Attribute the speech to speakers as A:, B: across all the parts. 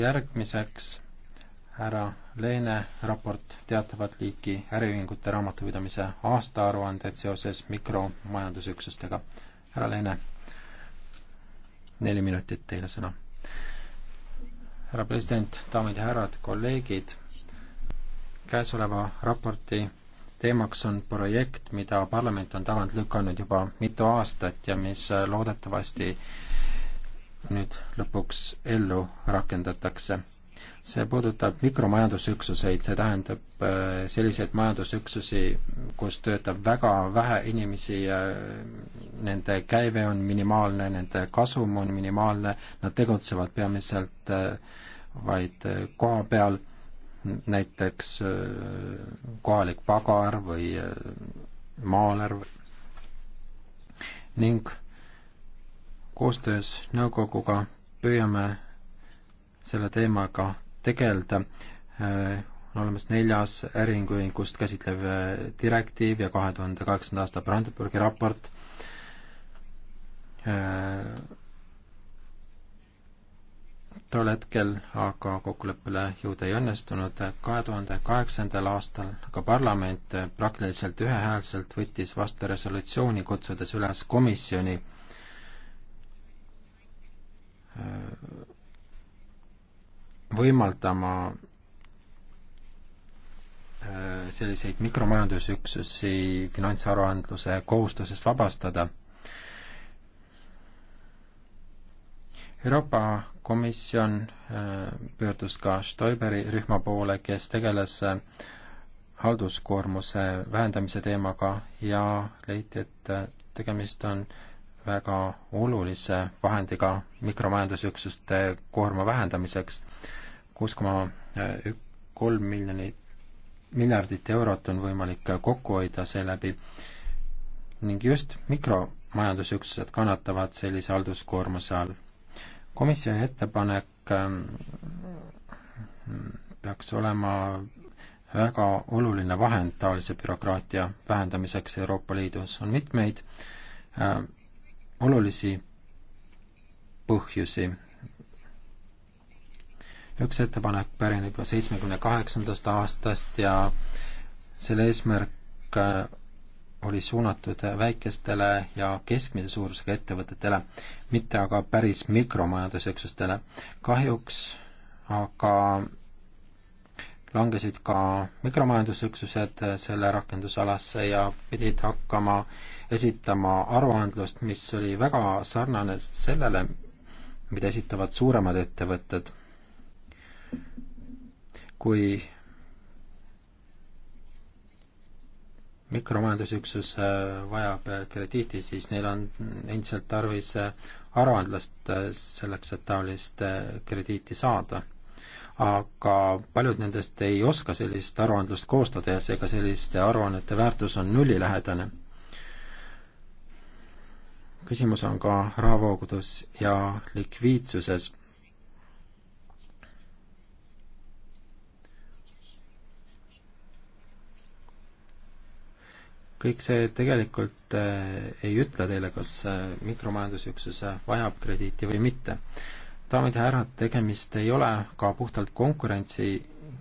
A: järgmiseks härra Leene raport teatavat liiki äriühingute raamatupidamise aastaaruanded seoses mikromajandusüksustega. härra Leene, neli minutit teile sõna. härra president, daamid ja härrad, kolleegid, käesoleva raporti teemaks on projekt, mida parlament on tagant lükanud juba mitu aastat ja mis loodetavasti nüüd lõpuks ellu rakendatakse. see puudutab mikromajandusüksuseid, see tähendab äh, selliseid majandusüksusi, kus töötab väga vähe inimesi ja nende käive on minimaalne, nende kasum on minimaalne, nad tegutsevad peamiselt äh, vaid äh, koha peal, näiteks kohalik pagar või maaler ning koostöös nõukoguga püüame selle teemaga tegeleda. Äh, on olemas neljas äriühingust käsitlev äh, direktiiv ja kahe tuhande kaheksanda aasta Brandenburgi raport. Äh, tol hetkel aga kokkuleppele jõuda ei õnnestunud. kahe tuhande kaheksandal aastal aga parlament praktiliselt ühehäälselt võttis vastu resolutsiooni, kutsudes üles komisjoni äh, Äh, võimaldama äh, selliseid mikromajandusüksusi finantsaruandluse kohustusest vabastada. Euroopa Komisjon äh, pöördus ka Stoiberi rühma poole, kes tegeles halduskoormuse vähendamise teemaga ja leiti, et tegemist on väga olulise vahendiga mikromajandusüksuste koorma vähendamiseks. kuus koma äh, kolm miljonit, miljardit eurot on võimalik äh, kokku hoida seeläbi ning just mikromajandusüksused kannatavad sellise halduskoormuse all. komisjoni ettepanek ähm, peaks olema väga oluline vahend taolise bürokraatia vähendamiseks Euroopa Liidus. on mitmeid äh, olulisi põhjusi. üks ettepanek pärineb juba seitsmekümne kaheksandast aastast ja selle eesmärk äh, oli suunatud väikestele ja keskmise suurusega ettevõtetele, mitte aga päris mikromajandusüksustele. kahjuks aga langesid ka mikromajandusüksused äh, selle rakendusalasse ja pidid hakkama äh, esitama aruandlust, mis oli väga sarnane sellele, mida esitavad suuremad ettevõtted. kui mikromajandusüksus äh, vajab äh, krediiti, siis neil on endiselt tarvis äh, aruandlust selleks, et taolist krediiti saada. aga paljud nendest ei oska sellist aruandlust koostada ja seega selliste aruannete väärtus on nullilähedane küsimus on ka rahavoogudes ja likviidsuses. kõik see tegelikult eh, ei ütle teile, kas eh, mikromajandusüksus vajab krediiti või mitte. daamid ja härrad, tegemist ei ole ka puhtalt konkurentsi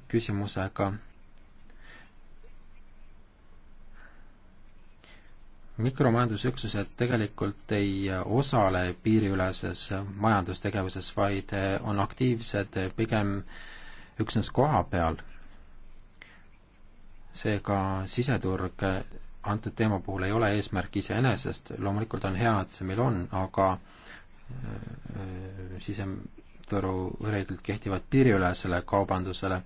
A: küsimusega mikromajandusüksused tegelikult ei osale piiriüleses majandustegevuses, vaid on aktiivsed pigem üksnes koha peal. seega siseturg antud teema puhul ei ole eesmärk iseenesest, loomulikult on hea, et see meil on, aga äh, siseturu reeglid kehtivad piiriülesele kaubandusele,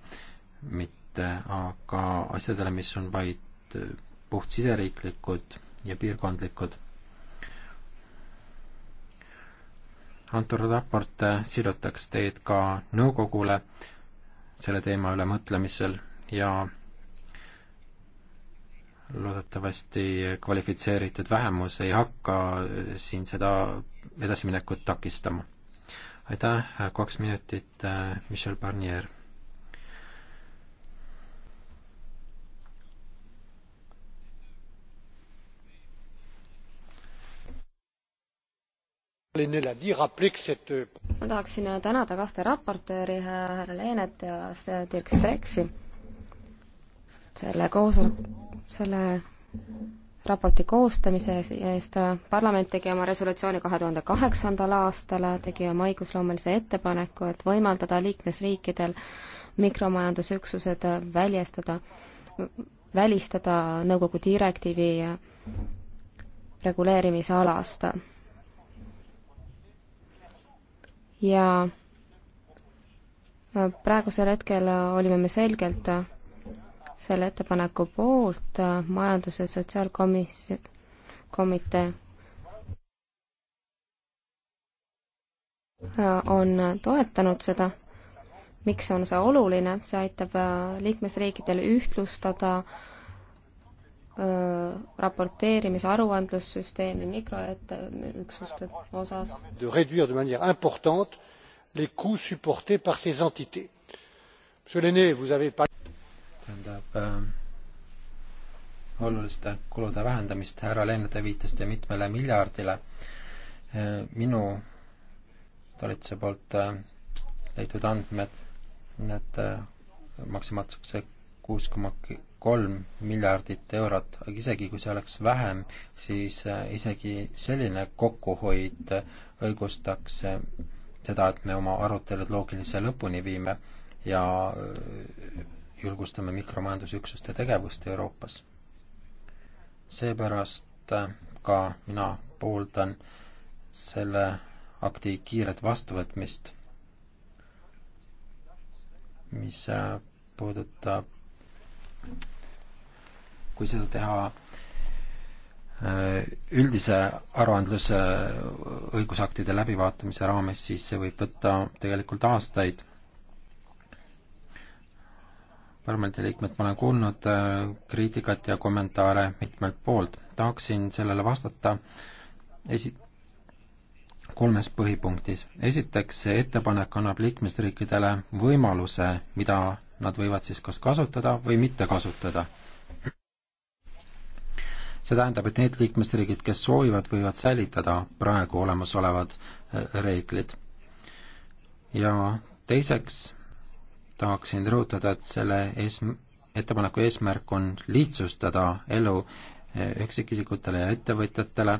A: mitte aga asjadele, mis on vaid äh, puht siseriiklikud ja piirkondlikud. antud raport äh, sidutaks teid ka nõukogule selle teema üle mõtlemisel ja loodetavasti kvalifitseeritud vähemus ei hakka äh, siin seda edasiminekut takistama. aitäh, äh, kaks minutit, Michel Barnier Euh,
B: ma tahaksin äh, tänada kahte raportööri, äh, härra Leenet ja äh, Dirk Streksi selle koosolek, selle raporti koostamise eest. parlament tegi oma resolutsiooni kahe tuhande kaheksandal aastal, tegi oma õigusloomelise ettepaneku, et võimaldada liikmesriikidel mikromajandusüksused väljastada, välistada nõukogu direktiivi reguleerimisalast ja äh, praegusel hetkel äh, olime me selgelt äh, selle ettepaneku poolt majandus- ja sotsiaalkomitee on toetanud seda. miks on see oluline, see aitab liikmesriikidel ühtlustada äh, raporteerimise aruandlussüsteemi mikroüksuste
A: osas. de réduire de manière importante les coûts supportés par ces entités. Monsieur Lene, vous avez par- tähendab äh, oluliste kulude vähendamist, härra Lenne, te viitasite mitmele miljardile äh,. minu talituse poolt äh, leitud andmed, need äh, maksimaalselt see kuus koma kolm miljardit eurot, aga isegi kui see oleks vähem, siis äh, isegi selline kokkuhoid äh, õigustaks äh, seda, et me oma arutelud loogilise lõpuni viime ja julgustame mikromajandusüksuste tegevust Euroopas. seepärast ka mina pooldan selle akti kiiret vastuvõtmist, mis puudutab kui seda teha äh, üldise aruandluse õigusaktide läbivaatamise raames, siis see võib võtta tegelikult aastaid. parlamendi liikmed, ma olen kuulnud äh, kriitikat ja kommentaare mitmelt poolt. tahaksin sellele vastata esi-, kolmes põhipunktis. esiteks, see ettepanek annab liikmesriikidele võimaluse, mida nad võivad siis kas kasutada või mitte kasutada. see tähendab, et need liikmesriigid, kes soovivad, võivad säilitada praegu olemasolevad äh, reeglid. ja teiseks tahaksin rõhutada, et selle ees-, ettepaneku eesmärk on lihtsustada elu äh, üksikisikutele ja ettevõtjatele,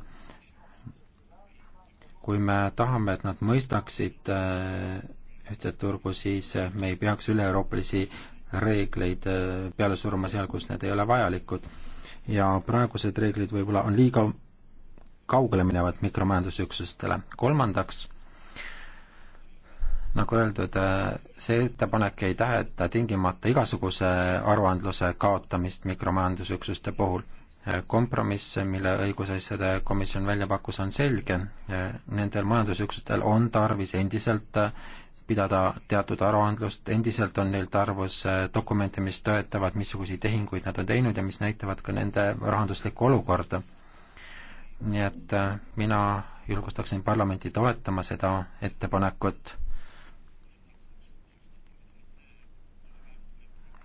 A: kui me tahame, et nad mõistaksid äh, ühtset turgu, siis eh, me ei peaks üle-euroopalisi reegleid eh, peale suruma seal, kus need ei ole vajalikud. ja praegused reeglid võib-olla on liiga kaugele minevad mikromajandusüksustele. kolmandaks, nagu öeldud, eh, see ettepanek ei tähenda tingimata igasuguse aruandluse kaotamist mikromajandusüksuste puhul. kompromiss, mille õigusasjade komisjon välja pakkus, on selge, nendel majandusüksustel on tarvis endiselt pidada teatud aruandlust, endiselt on neil tarvus äh, dokumente, mis tõetavad, missuguseid tehinguid nad on teinud ja mis näitavad ka nende rahanduslikku olukorda. nii et äh, mina julgustaksin parlamenti toetama seda ettepanekut.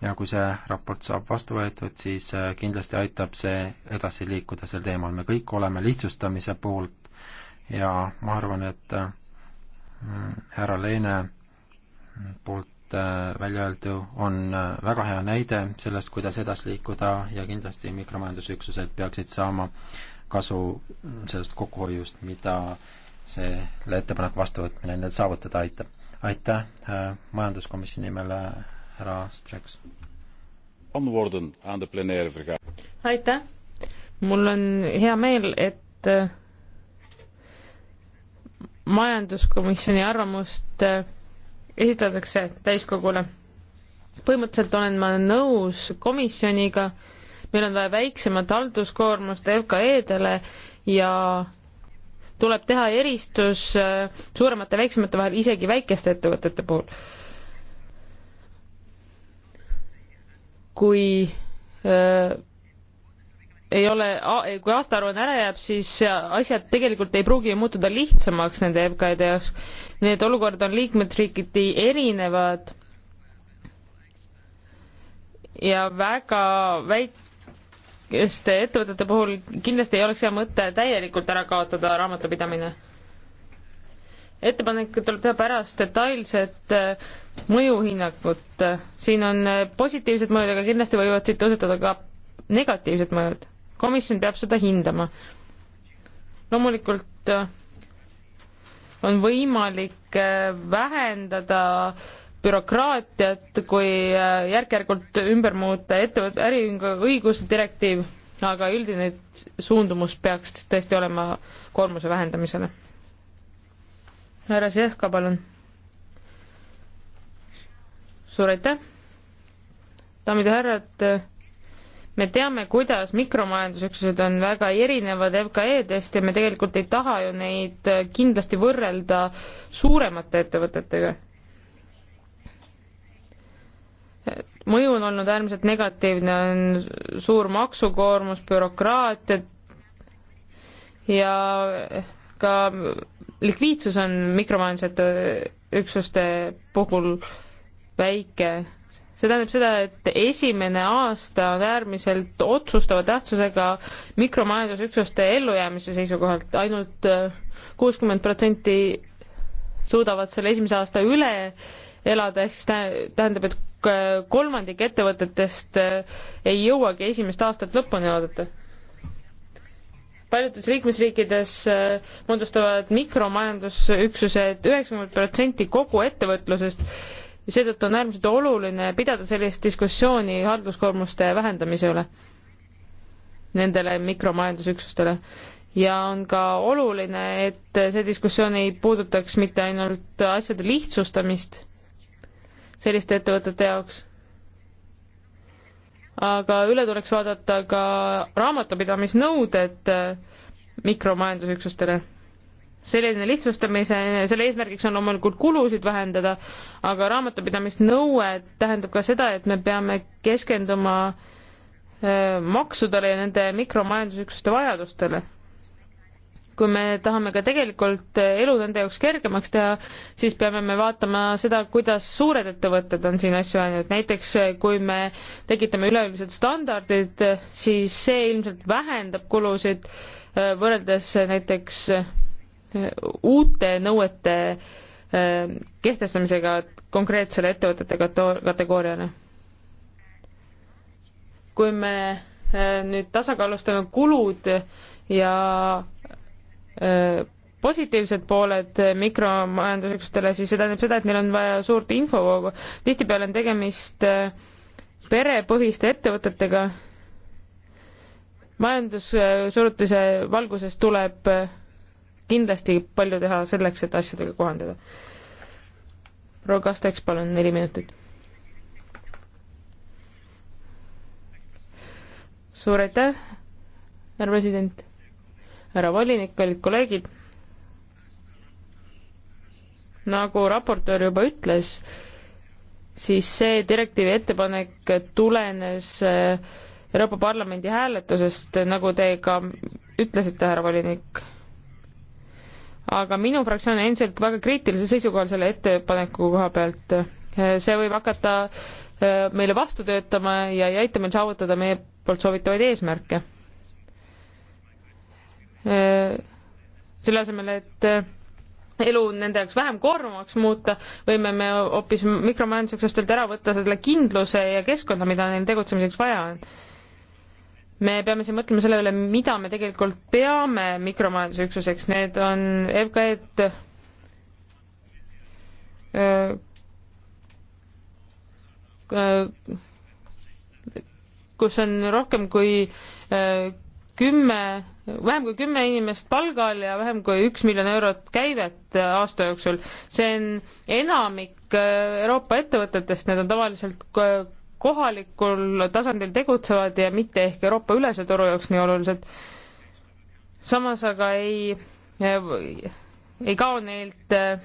A: ja kui see raport saab vastu võetud, siis äh, kindlasti aitab see edasi liikuda sel teemal, me kõik oleme lihtsustamise poolt ja ma arvan, et härra Leene poolt äh, välja öeldu on äh, väga hea näide sellest, kuidas edasi liikuda ja kindlasti mikromajandusüksused peaksid saama kasu sellest kokkuhoiust, mida selle ettepaneku vastuvõtmine neil saavutada aitab. aitäh äh, majanduskomisjoni nimel äh, härra Streks.
C: aitäh, mul on hea meel, et majanduskomisjoni arvamust äh, esitatakse täiskogule. põhimõtteliselt olen ma nõus komisjoniga, meil on vaja väiksemat halduskoormust FKE-dele ja tuleb teha eristus äh, suuremate ja väiksemate vahel isegi väikeste ettevõtete puhul. kui öö, äh, ei ole, kui aastaaruanne ära jääb, siis asjad tegelikult ei pruugi muutuda lihtsamaks nende FKD jaoks. nii et olukord on liikmesriigiti erinevad ja väga väikeste ettevõtete puhul kindlasti ei oleks hea mõte täielikult ära kaotada raamatupidamine. ettepanek tuleb teha pärast detailset äh, mõjuhinnangut. siin on äh, positiivsed mõjud, aga kindlasti võivad siit tõusetuda ka negatiivsed mõjud komisjon peab seda hindama. loomulikult äh, on võimalik äh, vähendada bürokraatiat, kui äh, järk-järgult ümber muuta ettevõtte äriühingu õiguse direktiiv, aga üldine suundumus peaks tõesti olema koormuse vähendamisele. härra Sihka, palun. suur aitäh. daamid ja härrad me teame, kuidas mikromajandusüksused on väga erinevad FKE-dest ja me tegelikult ei taha ju neid kindlasti võrrelda suuremate ettevõtetega. mõju on olnud äärmiselt negatiivne, on suur maksukoormus, bürokraatia ja ka likviidsus on mikromajandusüksuste puhul väike see tähendab seda, et esimene aasta on äärmiselt otsustava tähtsusega mikromajandusüksuste ellujäämise seisukohalt ainult, ainult äh, kuuskümmend protsenti suudavad selle esimese aasta üle elada, ehk siis tähendab, et kolmandik ettevõtetest äh, ei jõuagi esimest aastat lõpuni oodata. paljudes liikmesriikides äh, moodustavad mikromajandusüksused üheksakümmend protsenti kogu ettevõtlusest seetõttu on äärmiselt oluline pidada sellist diskussiooni halduskoormuste vähendamise üle nendele mikromajandusüksustele ja on ka oluline, et see diskussioon ei puudutaks mitte ainult asjade lihtsustamist selliste ettevõtete jaoks, aga üle tuleks vaadata ka raamatupidamisnõuded mikromajandusüksustele selline lihtsustamise, selle eesmärgiks on loomulikult kulusid vähendada, aga raamatupidamisnõue tähendab ka seda, et me peame keskenduma maksudele ja nende mikromajandusüksuste vajadustele. kui me tahame ka tegelikult elu nende jaoks kergemaks teha, siis peame me vaatama seda, kuidas suured ettevõtted on siin asju ajanud, näiteks kui me tekitame üleüldised standardid, siis see ilmselt vähendab kulusid võrreldes näiteks uute nõuete ähm, kehtestamisega konkreetsele ettevõtete kategooriale. kui me äh, nüüd tasakaalustame kulud ja äh, positiivsed pooled mikromajandusüksustele, siis see tähendab seda, et neil on vaja suurt infovoogu. tihtipeale on tegemist äh, perepõhiste ettevõtetega. majandussurutise valguses tuleb kindlasti palju teha selleks, et asjadega kohandada. proua Kasteks, palun neli minutit. suur aitäh, härra president, härra volinik, kallid kolleegid. nagu raportöör juba ütles, siis see direktiivi ettepanek tulenes äh, Euroopa Parlamendi hääletusest, nagu te ka ütlesite, härra volinik aga minu fraktsioon on endiselt väga kriitilisel seisukohal selle ettepaneku koha pealt. see võib hakata äh, meile vastu töötama ja ei aita meil saavutada meie poolt soovitavaid eesmärke. Äh, selle asemel, et äh, elu nende jaoks vähem koormavaks muuta, võime me hoopis mikromajanduseks ära võtta selle kindluse ja keskkonda, mida neil tegutsemiseks vaja on me peame siin mõtlema selle üle, mida me tegelikult peame mikromajanduse üksuseks, need on FKE-d kus on rohkem kui kümme, vähem kui kümme inimest palgal ja vähem kui üks miljon eurot käivet aasta jooksul. see on enamik äh, Euroopa ettevõtetest, need on tavaliselt äh, kohalikul tasandil tegutsevad ja mitte ehk Euroopa ülese toru jaoks nii olulised. samas aga ei, ei kao neilt eh,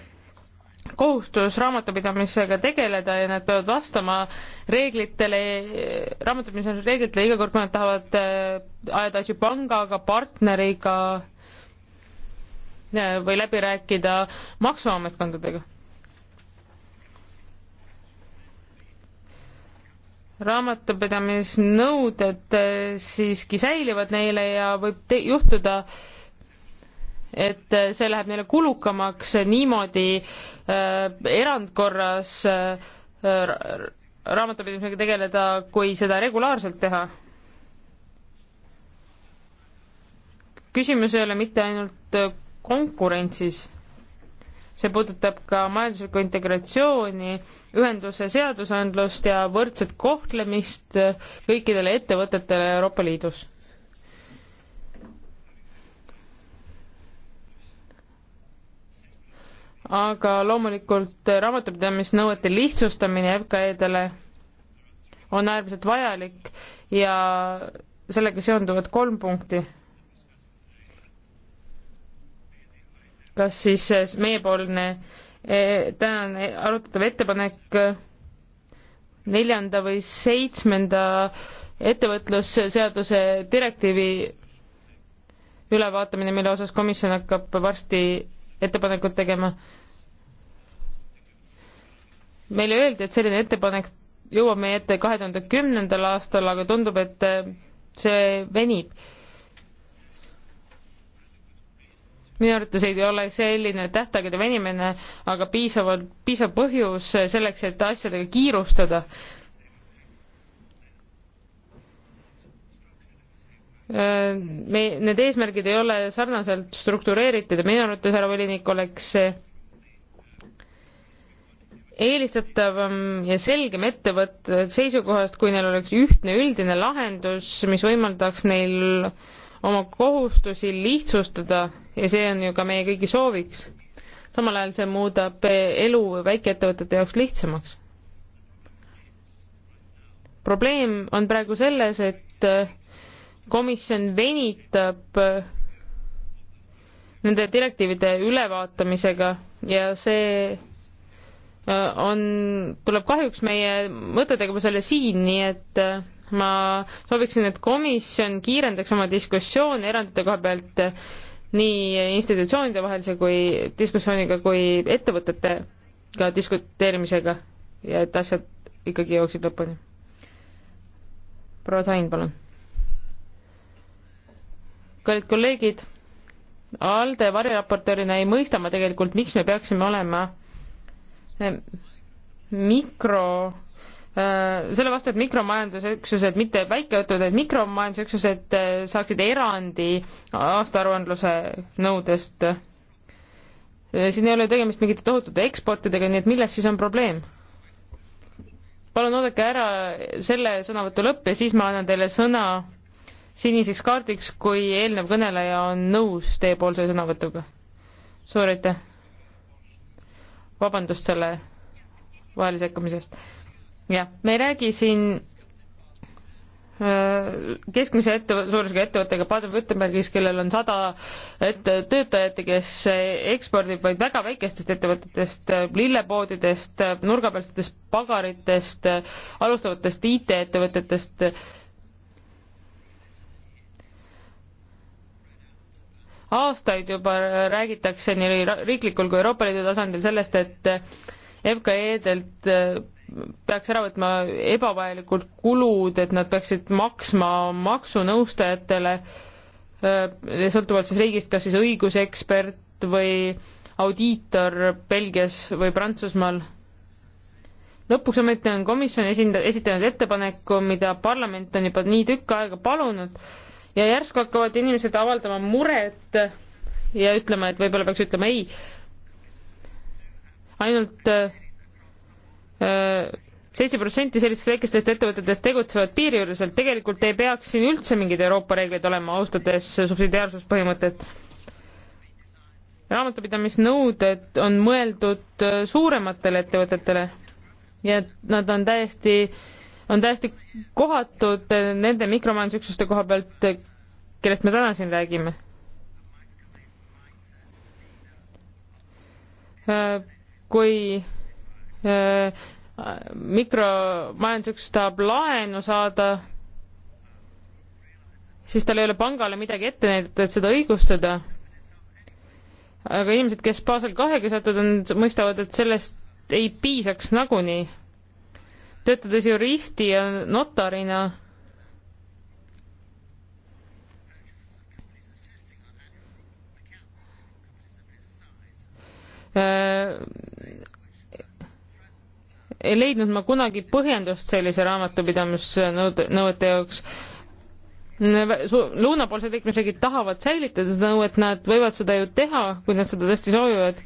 C: kohustus raamatupidamisega tegeleda ja nad peavad vastama reeglitele, raamatupidamise reeglitele iga kord, kui nad tahavad eh, ajada asju pangaga, partneriga eh, või läbi rääkida maksuametkondadega raamatupidamisnõuded eh, siiski säilivad neile ja võib juhtuda, et eh, see läheb neile kulukamaks niimoodi äh, erandkorras äh, raamatupidamisega tegeleda, kui seda regulaarselt teha. küsimus ei ole mitte ainult konkurentsis, see puudutab ka majanduslikku integratsiooni äh, ühenduse seadusandlust ja võrdset kohtlemist kõikidele ettevõtetele Euroopa Liidus. aga loomulikult raamatupidamisnõuete lihtsustamine FKE-dele on äärmiselt vajalik ja sellega seonduvad kolm punkti. kas siis meiepoolne E, tänane arutatav ettepanek e, neljanda või seitsmenda ettevõtlusseaduse direktiivi ülevaatamine, mille osas komisjon hakkab varsti ettepanekut tegema. meile öeldi, et selline ettepanek jõuab meie ette kahe tuhande kümnendal aastal, aga tundub, et e, see venib minu arvates ei ole selline tähtaegade venimine aga piisavalt, piisav põhjus selleks, et asjadega kiirustada. me, need eesmärgid ei ole sarnaselt struktureeritud ja minu arvates, härra volinik, oleks eelistatavam ja selgem ettevõtte seisukohast, kui neil oleks ühtne üldine lahendus, mis võimaldaks neil oma kohustusi lihtsustada ja see on ju ka meie kõigi sooviks. samal ajal see muudab elu väikeettevõtete jaoks lihtsamaks. probleem on praegu selles, et äh, komisjon venitab äh, nende direktiivide ülevaatamisega ja see äh, on, tuleb kahjuks meie mõttetegevusele siin, nii et ma sooviksin, et komisjon kiirendaks oma diskussiooni erandite koha pealt nii institutsioonide vahelise kui diskussiooniga kui ettevõtetega diskuteerimisega ja et asjad ikkagi jooksid lõpuni. proua Tain, palun. kallid kolleegid, ALDE variraportöörina ei mõista ma tegelikult, miks me peaksime olema eh, mikro Äh, selle vastu, et mikromajandusüksused, mitte väikeettevõtted, mikromajandusüksused äh, saaksid erandi aastaaruandluse nõudest. Äh, siin ei ole tegemist mingite tohutute eksportidega, nii et milles siis on probleem? palun oodake ära selle sõnavõtu lõpp ja siis ma annan teile sõna siniseks kaardiks, kui eelnev kõneleja on nõus teiepoolse sõnavõtuga. suur aitäh! vabandust selle vahele sekkumise eest jah, me ei räägi siin äh, keskmise ette, suurusega ettevõttega Baden-Württembergis, kellel on sada ette töötajat ja kes äh, ekspordib vaid väga väikestest ettevõtetest, äh, lillepoodidest, nurgapealsetest pagaritest, alustavatest IT-ettevõtetest. aastaid juba räägitakse nii riiklikul kui Euroopa Liidu tasandil sellest, et FKE-delt peaks ära võtma ebavajalikud kulud, et nad peaksid maksma maksunõustajatele, äh, sõltuvalt siis riigist, kas siis õigusekspert või audiitor Belgias või Prantsusmaal. lõpuks ometi on komisjon esinda-, esitanud ettepaneku, mida parlament on juba nii tükk aega palunud ja järsku hakkavad inimesed avaldama muret ja ütlema, et võib-olla peaks ütlema ei. ainult äh, seitse protsenti sellistest väikestest ettevõtetest tegutsevad piiriüleselt, tegelikult ei peaks siin üldse mingeid Euroopa reegleid olema, austades subsidiaarsuspõhimõtet. raamatupidamisnõuded on mõeldud suurematele ettevõtetele ja nad on täiesti, on täiesti kohatud nende mikromajandusüksuste koha pealt, kellest me täna siin räägime äh, kui mikromajanduseks tahab laenu saada, siis tal ei ole pangale midagi ette näidata, et seda õigustada. aga inimesed, kes Basel kahega seotud on, mõistavad, et sellest ei piisaks nagunii. töötades juristi ja notarina ei leidnud ma kunagi põhjendust sellise raamatupidamisnõuete jaoks. lõunapoolsed liikmesriigid tahavad säilitada seda nõuet, nad võivad seda ju teha, kui nad seda tõesti soovivad.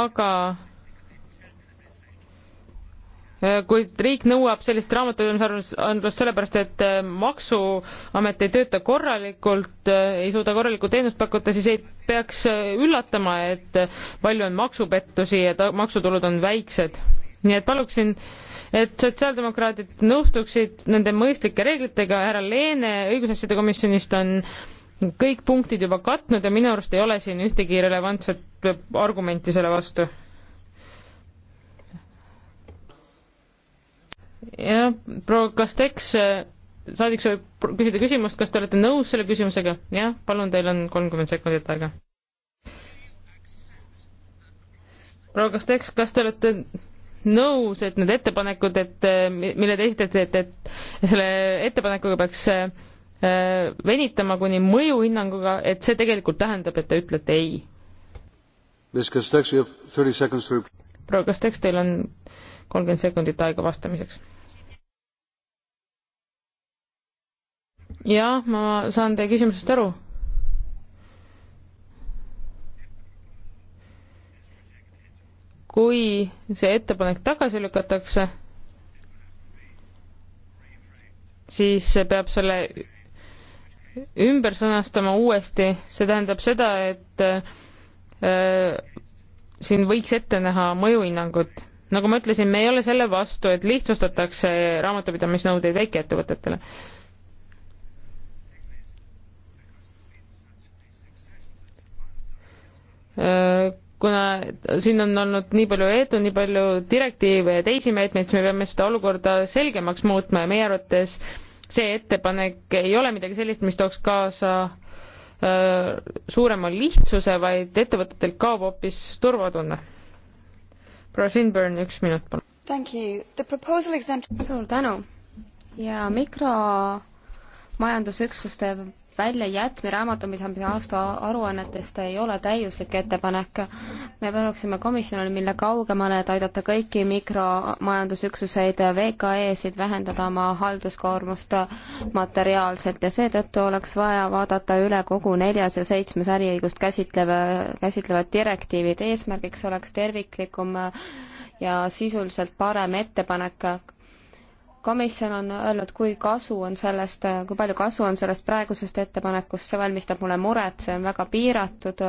C: aga Äh, kuid riik nõuab sellist raamatupidamisandlust sellepärast, et äh, Maksuamet ei tööta korralikult, äh, ei suuda korralikku teenust pakkuda, siis ei peaks üllatama, et palju on maksupettusi ja maksutulud on väiksed. nii et paluksin, et sotsiaaldemokraadid nõustuksid nende mõistlike reeglitega, härra Leene õigusasjade komisjonist on kõik punktid juba katnud ja minu arust ei ole siin ühtegi relevantset argumenti selle vastu jah, proua Kasteks, äh, saadik soovib küsida küsimust, kas te olete nõus selle küsimusega? jah, palun, teil on kolmkümmend sekundit aega. proua Kasteks, kas te olete nõus, et need ettepanekud, et äh, mille te esitate, et, et selle ettepanekuga peaks äh, äh, venitama kuni mõjuhinnanguga, et see tegelikult tähendab, et te ütlete ei? proua Kasteks, teil on kolmkümmend sekundit aega vastamiseks jah, ma saan teie küsimusest aru. kui see ettepanek tagasi lükatakse, siis peab selle ümber sõnastama uuesti, see tähendab seda, et äh, siin võiks ette näha mõjuhinnangut. nagu ma ütlesin, me ei ole selle vastu, et lihtsustatakse raamatupidamisnõudeid väikeettevõtetele Äh, kuna siin on olnud nii palju edu, nii palju direktiive ja teisi meetmeid, siis me peame seda olukorda selgemaks muutma ja meie arvates see ettepanek ei ole midagi sellist, mis tooks kaasa äh, suurema lihtsuse, vaid ettevõtetelt kaob hoopis turvatunne. proua Sinburn, üks minut, palun.
B: suur tänu ja mikromajandusüksuste väljajätmi raamatupidamise aasta aruannetest ei ole täiuslik ettepanek. me paluksime komisjonile minna kaugemale, et aidata kõiki mikromajandusüksuseid, VKE-sid vähendada oma halduskoormust materiaalselt ja seetõttu oleks vaja vaadata üle kogu neljas ja seitsmes äriõigust käsitlev, käsitlevad direktiivid. eesmärgiks oleks terviklikum ja sisuliselt parem ettepanek komisjon on öelnud, kui kasu on sellest, kui palju kasu on sellest praegusest ettepanekust, see valmistab mulle muret, see on väga piiratud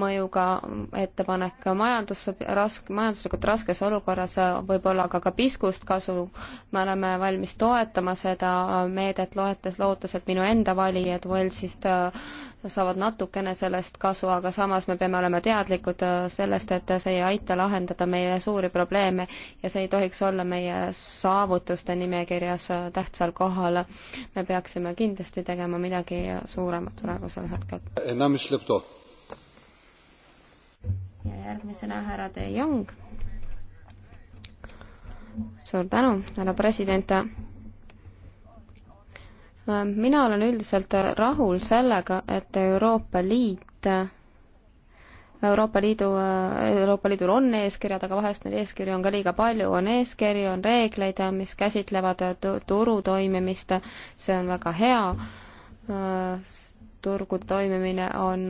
B: mõjuga ettepanek majandusse, rask-, majanduslikult raskes olukorras võib olla aga ka piskust kasu. me oleme valmis toetama seda meedet, loetes, lootes, et minu enda valijad Walesist äh, saavad natukene sellest kasu, aga samas me peame olema teadlikud äh, sellest, et see ei aita lahendada meie suuri probleeme ja see ei tohiks olla meie saavutuste nimekirjas äh, tähtsal kohal. me peaksime kindlasti tegema midagi suuremat praegusel hetkel ja järgmisena härra De Jong. suur tänu, härra president. mina olen üldiselt rahul sellega, et Euroopa Liit Euroopa Liidu, Euroopa Liidul on eeskirjad, aga vahest neid eeskirju on ka liiga palju, on eeskirju, on reegleid, mis käsitlevad turu toimimist, see on väga hea, turgude toimimine on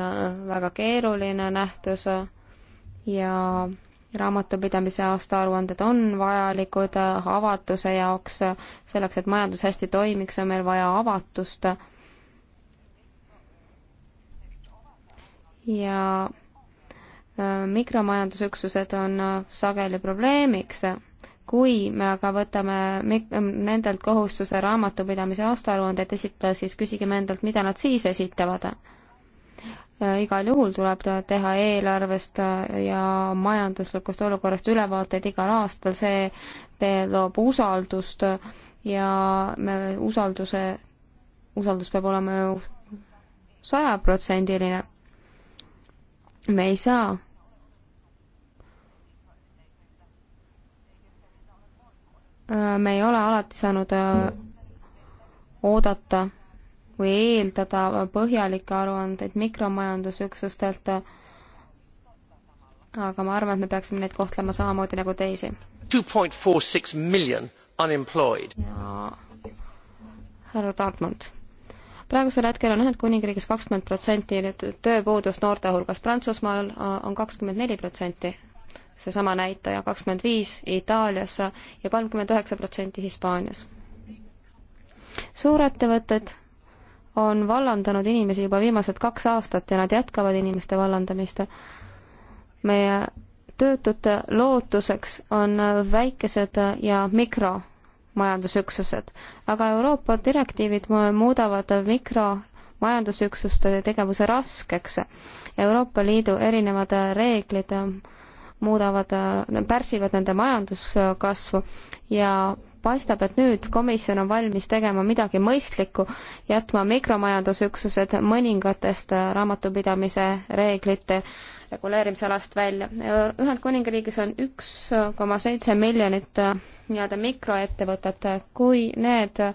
B: väga keeruline nähtus ja raamatupidamise aastaaruanded on vajalikud äh, avatuse jaoks, äh, selleks et majandus hästi toimiks, on meil vaja avatust. ja äh, mikromajandusüksused on sageli probleemiks. kui me aga võtame nendelt kohustuse raamatupidamise aastaaruandeid esitada, siis küsigem endalt, mida nad siis esitavad Äh, igal juhul tuleb teha eelarvest äh, ja majanduslikust olukorrast ülevaateid igal aastal, see loob usaldust äh, ja me usalduse, usaldus peab olema ju sajaprotsendiline. me ei saa me ei ole alati saanud oodata või eeldada põhjalikke aruandeid mikromajandusüksustelt, aga ma arvan, et me peaksime neid kohtlema samamoodi nagu teisi. härra Tartmund, praegusel hetkel on Ühendkuningriigis kakskümmend protsenti tööpuudust noorte hulgas, Prantsusmaal äh, on kakskümmend neli protsenti seesama näitaja, kakskümmend viis Itaalias ja kolmkümmend üheksa protsenti Hispaanias suurettevõtted on vallandanud inimesi juba viimased kaks aastat ja nad jätkavad inimeste vallandamist. meie töötute lootuseks on väikesed ja mikromajandusüksused, aga Euroopa direktiivid muudavad mikro majandusüksuste tegevuse raskeks. Euroopa Liidu erinevad reeglid muudavad, pärsivad nende majanduskasvu ja paistab, et nüüd komisjon on valmis tegema midagi mõistlikku, jätma mikromajandusüksused mõningatest äh, raamatupidamise reeglite reguleerimisalast välja. Ühendkuningriigis on üks koma seitse miljonit äh, nii-öelda mikroettevõtet, kui need äh,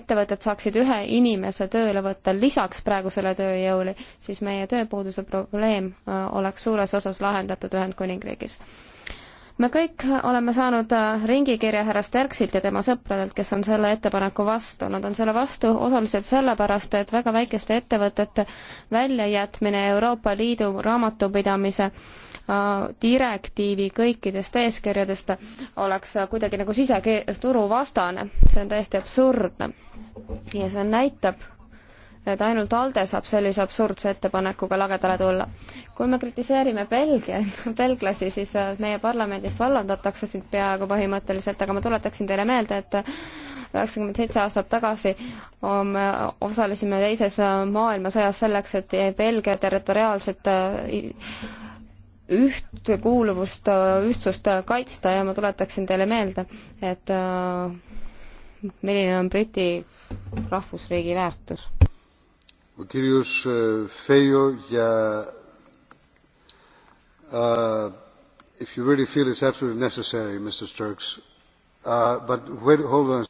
B: ettevõtted saaksid ühe inimese tööle võtta lisaks praegusele tööjõule, siis meie tööpuuduse probleem oleks suures osas lahendatud Ühendkuningriigis me kõik oleme saanud äh, ringikirja härra Sterksilt ja tema sõpradelt, kes on selle ettepaneku vastu. Nad on selle vastu osaliselt sellepärast, et väga väikeste ettevõtete väljajätmine Euroopa Liidu raamatupidamise äh, direktiivi kõikidest eeskirjadest oleks kuidagi nagu siseturu vastane. see on täiesti absurdne. ja see näitab, et ainult ALDE saab sellise absurdse ettepanekuga lagedale tulla. kui me kritiseerime Belgia, belglasi, siis äh, meie parlamendist vallandatakse sind peaaegu põhimõtteliselt, aga ma tuletaksin teile meelde, et üheksakümmend seitse aastat tagasi me osalesime teises äh, maailmasõjas selleks, et Belgia territoriaalset äh, ühtkuuluvust, ühtsust kaitsta ja ma tuletaksin teile meelde, et milline on Briti rahvusriigi väärtus
C: Ο κύριος Φέιο για... Uh, if you really feel it's absolutely necessary,
A: Mr. Sturks. Uh, but wait, hold on.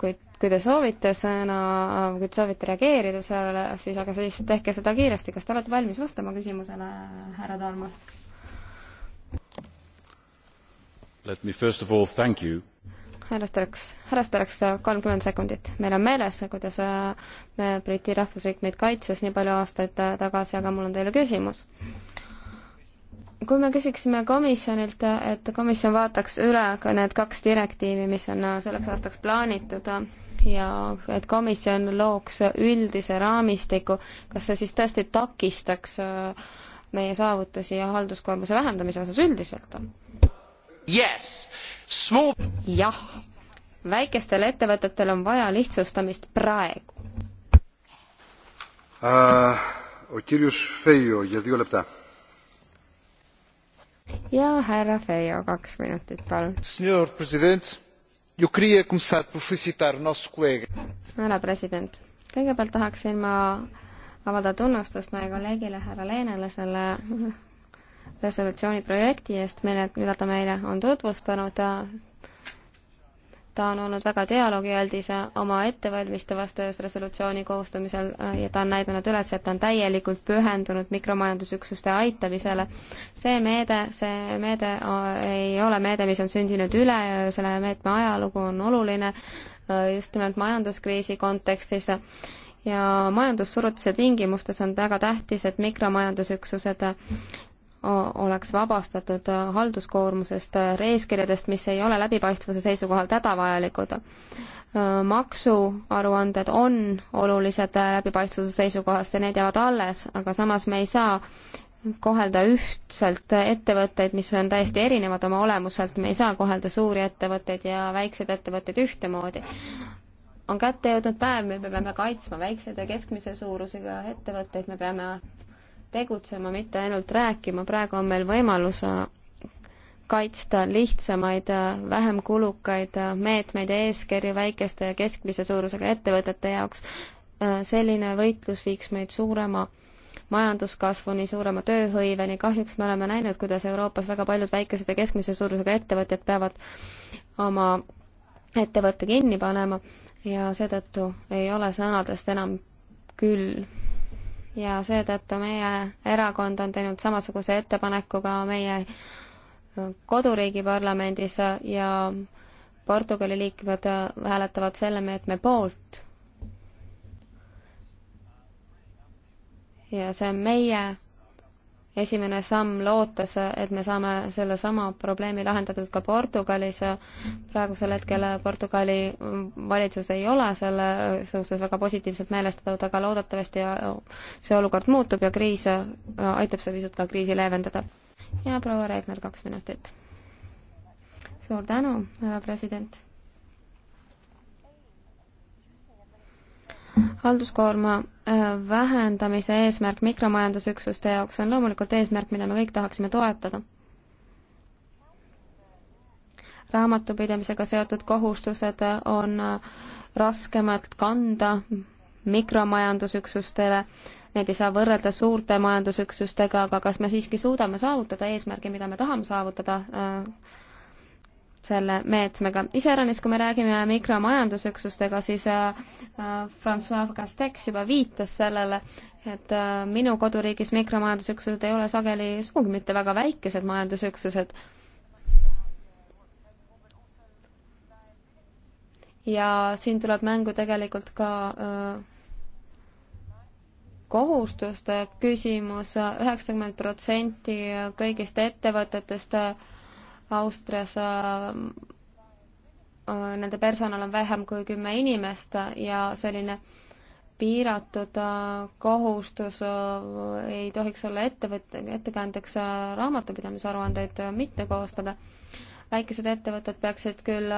B: Kui, kui te soovite sõna, äh, kui te soovite reageerida sellele, siis aga siis tehke seda kiiresti. Kas te olete valmis vastama küsimusele, härra Taalmast?
A: Let me first of all thank you
B: härrast oleks, härrast oleks kolmkümmend sekundit. meil on meeles, kuidas äh, me Briti rahvusriik meid kaitses nii palju aastaid äh, tagasi, aga mul on teile küsimus. kui me küsiksime komisjonilt, et komisjon vaataks üle ka need kaks direktiivi, mis on äh, selleks aastaks plaanitud, ja et komisjon looks üldise raamistiku, kas see siis tõesti takistaks meie saavutusi ja halduskoormuse vähendamise osas üldiselt? Yes jah, väikestel ettevõtetel on vaja lihtsustamist praegu uh,. ja härra Feio, kaks minutit, palun. härra president, kõigepealt tahaksin ma avaldada tunnustust meie kolleegile härra Leenele selle resolutsiooni projekti eest, mille, mida ta meile on tutvustanud. ta on olnud väga dialoogialdis oma ettevalmistavas töös resolutsiooni koostamisel ja ta on näidanud üles, et ta on täielikult pühendunud mikromajandusüksuste aitamisele. see meede, see meede ei ole meede, mis on sündinud üleöö, selle meetme ajalugu on oluline just nimelt majanduskriisi kontekstis ja majandussurutise tingimustes on väga tähtis, et mikromajandusüksused oleks vabastatud halduskoormusest, eeskirjadest, mis ei ole läbipaistvuse seisukohalt hädavajalikud. maksuaruanded on olulised läbipaistvuse seisukohast ja need jäävad alles, aga samas me ei saa kohelda ühtselt ettevõtteid, mis on täiesti erinevad oma olemuselt, me ei saa kohelda suuri ettevõtteid ja väikseid ettevõtteid ühtemoodi. on kätte jõudnud päev, me peame kaitsma väikseid ja keskmise suurusega ettevõtteid, me peame tegutsema, mitte ainult rääkima, praegu on meil võimalus äh, kaitsta lihtsamaid, äh, vähem kulukaid äh, meetmeid ja eeskirju väikeste ja keskmise suurusega ettevõtete jaoks. selline võitlus viiks meid suurema majanduskasvuni, suurema tööhõiveni, kahjuks me oleme näinud, kuidas Euroopas väga paljud väikesed ja keskmise suurusega ettevõtjad peavad oma ettevõtte kinni panema ja seetõttu ei ole sõnadest enam küll ja seetõttu meie erakond on teinud samasuguse ettepaneku ka meie koduriigi parlamendis ja Portugali liikmed hääletavad selle meetme poolt. ja see on meie esimene samm lootes, et me saame sellesama probleemi lahendatud ka Portugalis. praegusel hetkel Portugali valitsus ei ole selle suhtes väga positiivselt meelestatud, aga loodetavasti see olukord muutub ja kriis, aitab see pisut ka kriisi leevendada. ja proua Regner, kaks minutit. suur tänu, härra president halduskoorma äh, vähendamise eesmärk mikromajandusüksuste jaoks on loomulikult eesmärk, mida me kõik tahaksime toetada. raamatupidamisega seotud kohustused on äh, raskemalt kanda mikromajandusüksustele, neid ei saa võrrelda suurte majandusüksustega, aga kas me siiski suudame saavutada eesmärgi, mida me tahame saavutada äh,, selle meetmega. iseäranis, kui me räägime mikromajandusüksustega, siis äh, äh, Francois Castex juba viitas sellele, et äh, minu koduriigis mikromajandusüksused ei ole sageli sugugi mitte väga väikesed majandusüksused. ja siin tuleb mängu tegelikult ka kohustuste küsimus, üheksakümmend protsenti kõigist ettevõtetest öö, Austrias äh, äh, nende personal on vähem kui kümme inimest ja selline piiratud äh, kohustus ei tohiks olla ettevõtte, ettekäändeks raamatupidamisaruandeid mitte koostada. väikesed ettevõtted peaksid küll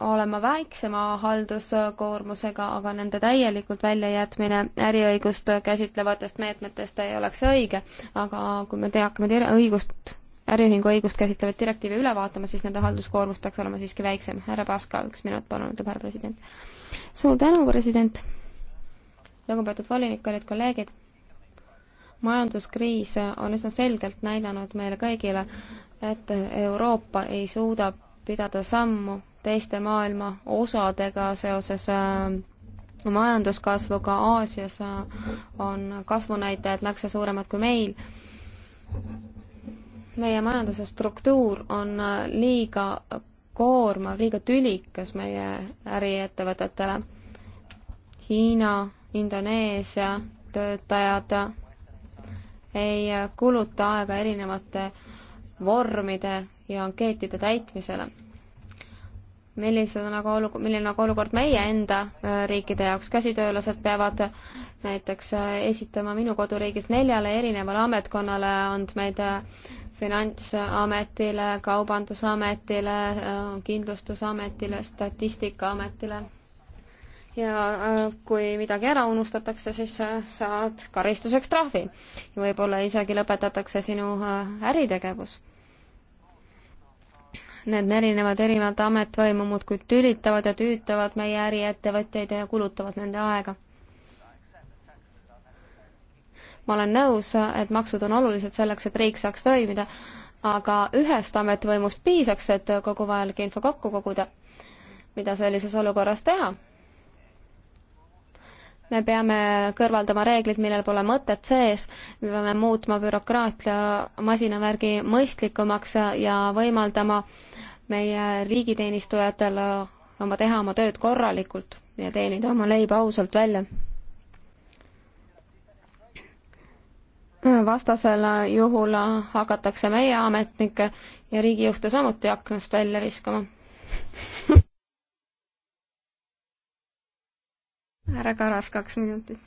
B: olema väiksema halduskoormusega, aga nende täielikult väljajätmine äriõigust käsitlevatest meetmetest ei oleks õige. aga kui me te hakkame te õigust, äriühingu õigust käsitlevat direktiivi üle vaatama, siis nende halduskoormus peaks olema siiski väiksem. härra Paska, üks minut, palun, ütleb härra president. suur tänu, president. lugupeetud volinik, kallid kolleegid. majanduskriis on üsna selgelt näidanud meile kõigile, et Euroopa ei suuda pidada sammu teiste maailma osadega seoses äh, majanduskasvuga Aasias äh, on kasvunäitajad märksa suuremad kui meil. meie majanduse struktuur on äh, liiga koormav, liiga tülikas meie äriettevõtetele. Hiina, Indoneesia töötajad ei kuluta aega erinevate vormide ja ankeetide täitmisele millised on aga olukord, milline on aga olukord meie enda äh, riikide jaoks, käsitöölased peavad äh, näiteks äh, esitama minu koduriigis neljale erinevale ametkonnale andmeid, Finantsametile, Kaubandusametile, Kindlustusametile, Statistikaametile. ja kui midagi ära unustatakse, siis saad karistuseks trahvi. võib-olla isegi lõpetatakse sinu äritegevus need erinevad, erinevad ametvõimu muudkui tülitavad ja tüütavad meie äriettevõtjaid ja kulutavad nende aega. ma olen nõus, et maksud on olulised selleks, et riik saaks toimida, aga ühest ametvõimust piisaks, et kogu vajalik info kokku koguda. mida sellises olukorras teha? me peame kõrvaldama reeglid, millel pole mõtet sees, me peame muutma bürokraatia masinavärgi mõistlikumaks ja võimaldama meie riigiteenistujatel oma, teha oma tööd korralikult ja teenida oma leiba ausalt välja. vastasel juhul hakatakse meie ametnikke ja riigijuhte samuti aknast välja viskama härra Karas, kaks minutit.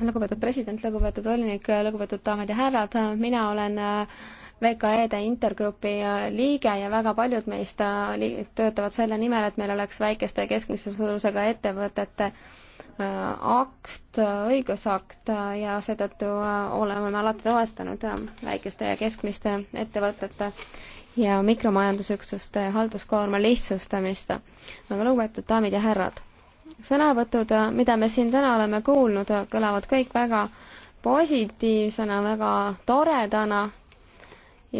B: lugupeetud president, lugupeetud volinik, lugupeetud daamid ja härrad, mina olen äh, VKE-de intergrupi äh, liige ja väga paljud meist äh, töötavad selle nimel, et meil oleks väikeste ja keskmise suurusega ettevõtete akt, õigusakt ja seetõttu oleme me alati toetanud väikeste ja keskmiste ettevõtete ja mikromajandusüksuste halduskoorma lihtsustamist. aga lugupeetud daamid ja härrad, sõnavõtud, mida me siin täna oleme kuulnud, kõlavad kõik väga positiivsena, väga toredana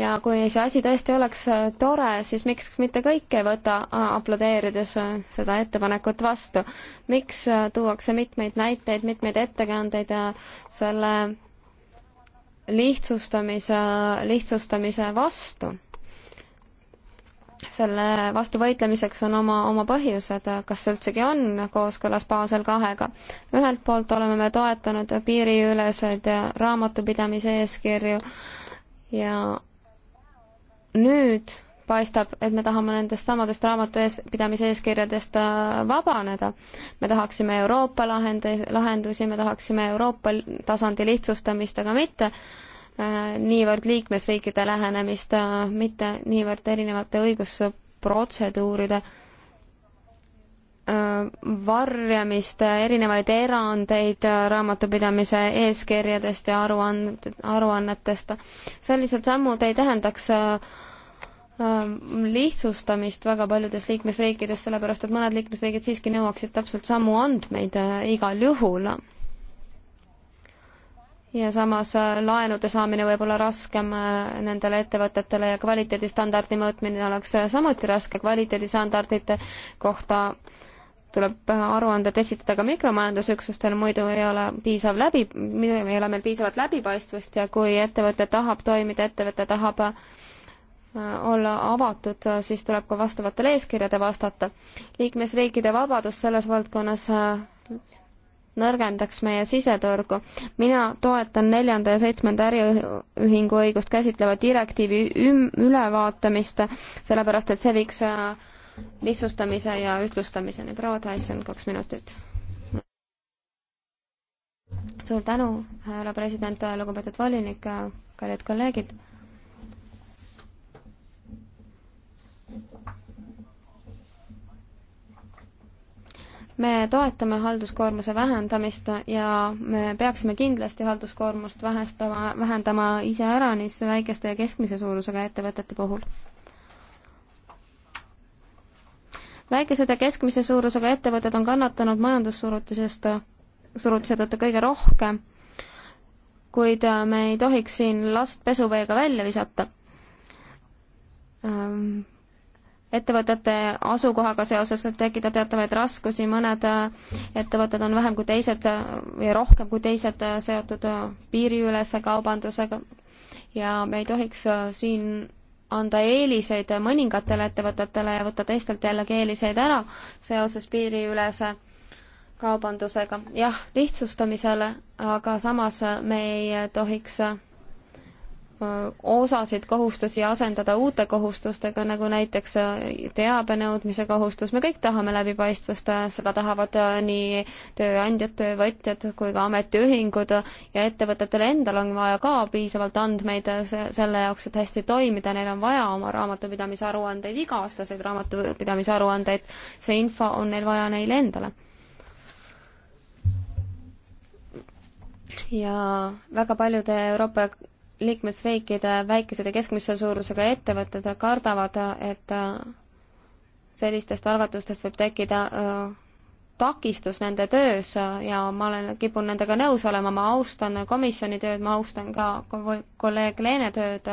B: ja kui see asi tõesti oleks tore, siis miks mitte kõik ei võta aplodeerides seda ettepanekut vastu. miks tuuakse mitmeid näiteid, mitmeid ettekäändeid ja selle lihtsustamise, lihtsustamise vastu selle vastu võitlemiseks on oma, oma põhjused, kas see üldsegi on kooskõlas Basel kahega. ühelt poolt oleme me toetanud piiriüleseid raamatupidamise eeskirju ja nüüd paistab, et me tahame nendest samadest raamatu ees, pidamise eeskirjadest äh, vabaneda. me tahaksime Euroopa lahend-, lahendusi, me tahaksime Euroopa tasandi lihtsustamist, aga mitte äh, niivõrd liikmesriikide lähenemist, mitte niivõrd erinevate õigusprotseduuride äh, varjamist, erinevaid erandeid raamatupidamise eeskirjadest ja aruand-, aruannetest. sellised sammud ei tähendaks äh, lihtsustamist väga paljudes liikmesriikides, sellepärast et mõned liikmesriigid siiski nõuaksid täpselt samu andmeid äh, igal juhul ja samas äh, laenude saamine võib olla raskem äh, nendele ettevõtetele ja kvaliteedistandardi mõõtmine oleks äh, samuti raske. kvaliteedistandardite kohta tuleb aruanded esitada ka mikromajandusüksustel, muidu ei ole piisav läbi, ei ole meil piisavat läbipaistvust ja kui ettevõte tahab toimida, ettevõte tahab olla avatud, siis tuleb ka vastavatele eeskirjade vastata. liikmesriikide vabadus selles valdkonnas nõrgendaks meie siseturgu. mina toetan neljanda ja seitsmenda äriühingu õigust käsitleva direktiivi üm-, ülevaatamist, sellepärast et see viiks äh, lihtsustamise ja ühtlustamiseni. proua Tyson, kaks minutit. suur tänu, härra president, lugupeetud volinik, kallid kolleegid me toetame halduskoormuse vähendamist ja me peaksime kindlasti halduskoormust vähestama, vähendama iseäranis väikeste ja keskmise suurusega ettevõtete puhul. väikesed ja keskmise suurusega ettevõtted on kannatanud majandussurutisest, surutise tõttu kõige rohkem, kuid äh, me ei tohiks siin last pesuveega välja visata ähm ettevõtete asukohaga seoses võib tekkida teatavaid raskusi, mõned äh, ettevõtted on vähem kui teised äh, ja rohkem kui teised äh, seotud piiriülese kaubandusega ja me ei tohiks siin anda eeliseid mõningatele ettevõtetele ja võtta teistelt jällegi eeliseid ära seoses piiriülese kaubandusega. jah, lihtsustamisele, aga samas me ei tohiks Äh, osasid kohustusi asendada uute kohustustega, nagu näiteks äh, teabenõudmise kohustus, me kõik tahame läbipaistvust, äh, seda tahavad nii tööandjad, töövõtjad kui ka ametiühingud ja ettevõtetel endal on vaja ka piisavalt andmeid selle jaoks, et hästi toimida, neil on vaja oma raamatupidamisaruandeid, iga-aastaseid raamatupidamisaruandeid, see info on neil vaja neile endale ja väga paljude Euroopa liikmesriikide väikesed ja keskmise suurusega ettevõtted kardavad, et äh, sellistest algatustest võib tekkida äh, takistus nende töös ja ma olen, kipun nendega nõus olema, ma austan komisjoni tööd, ma austan ka kolleeg Leene tööd,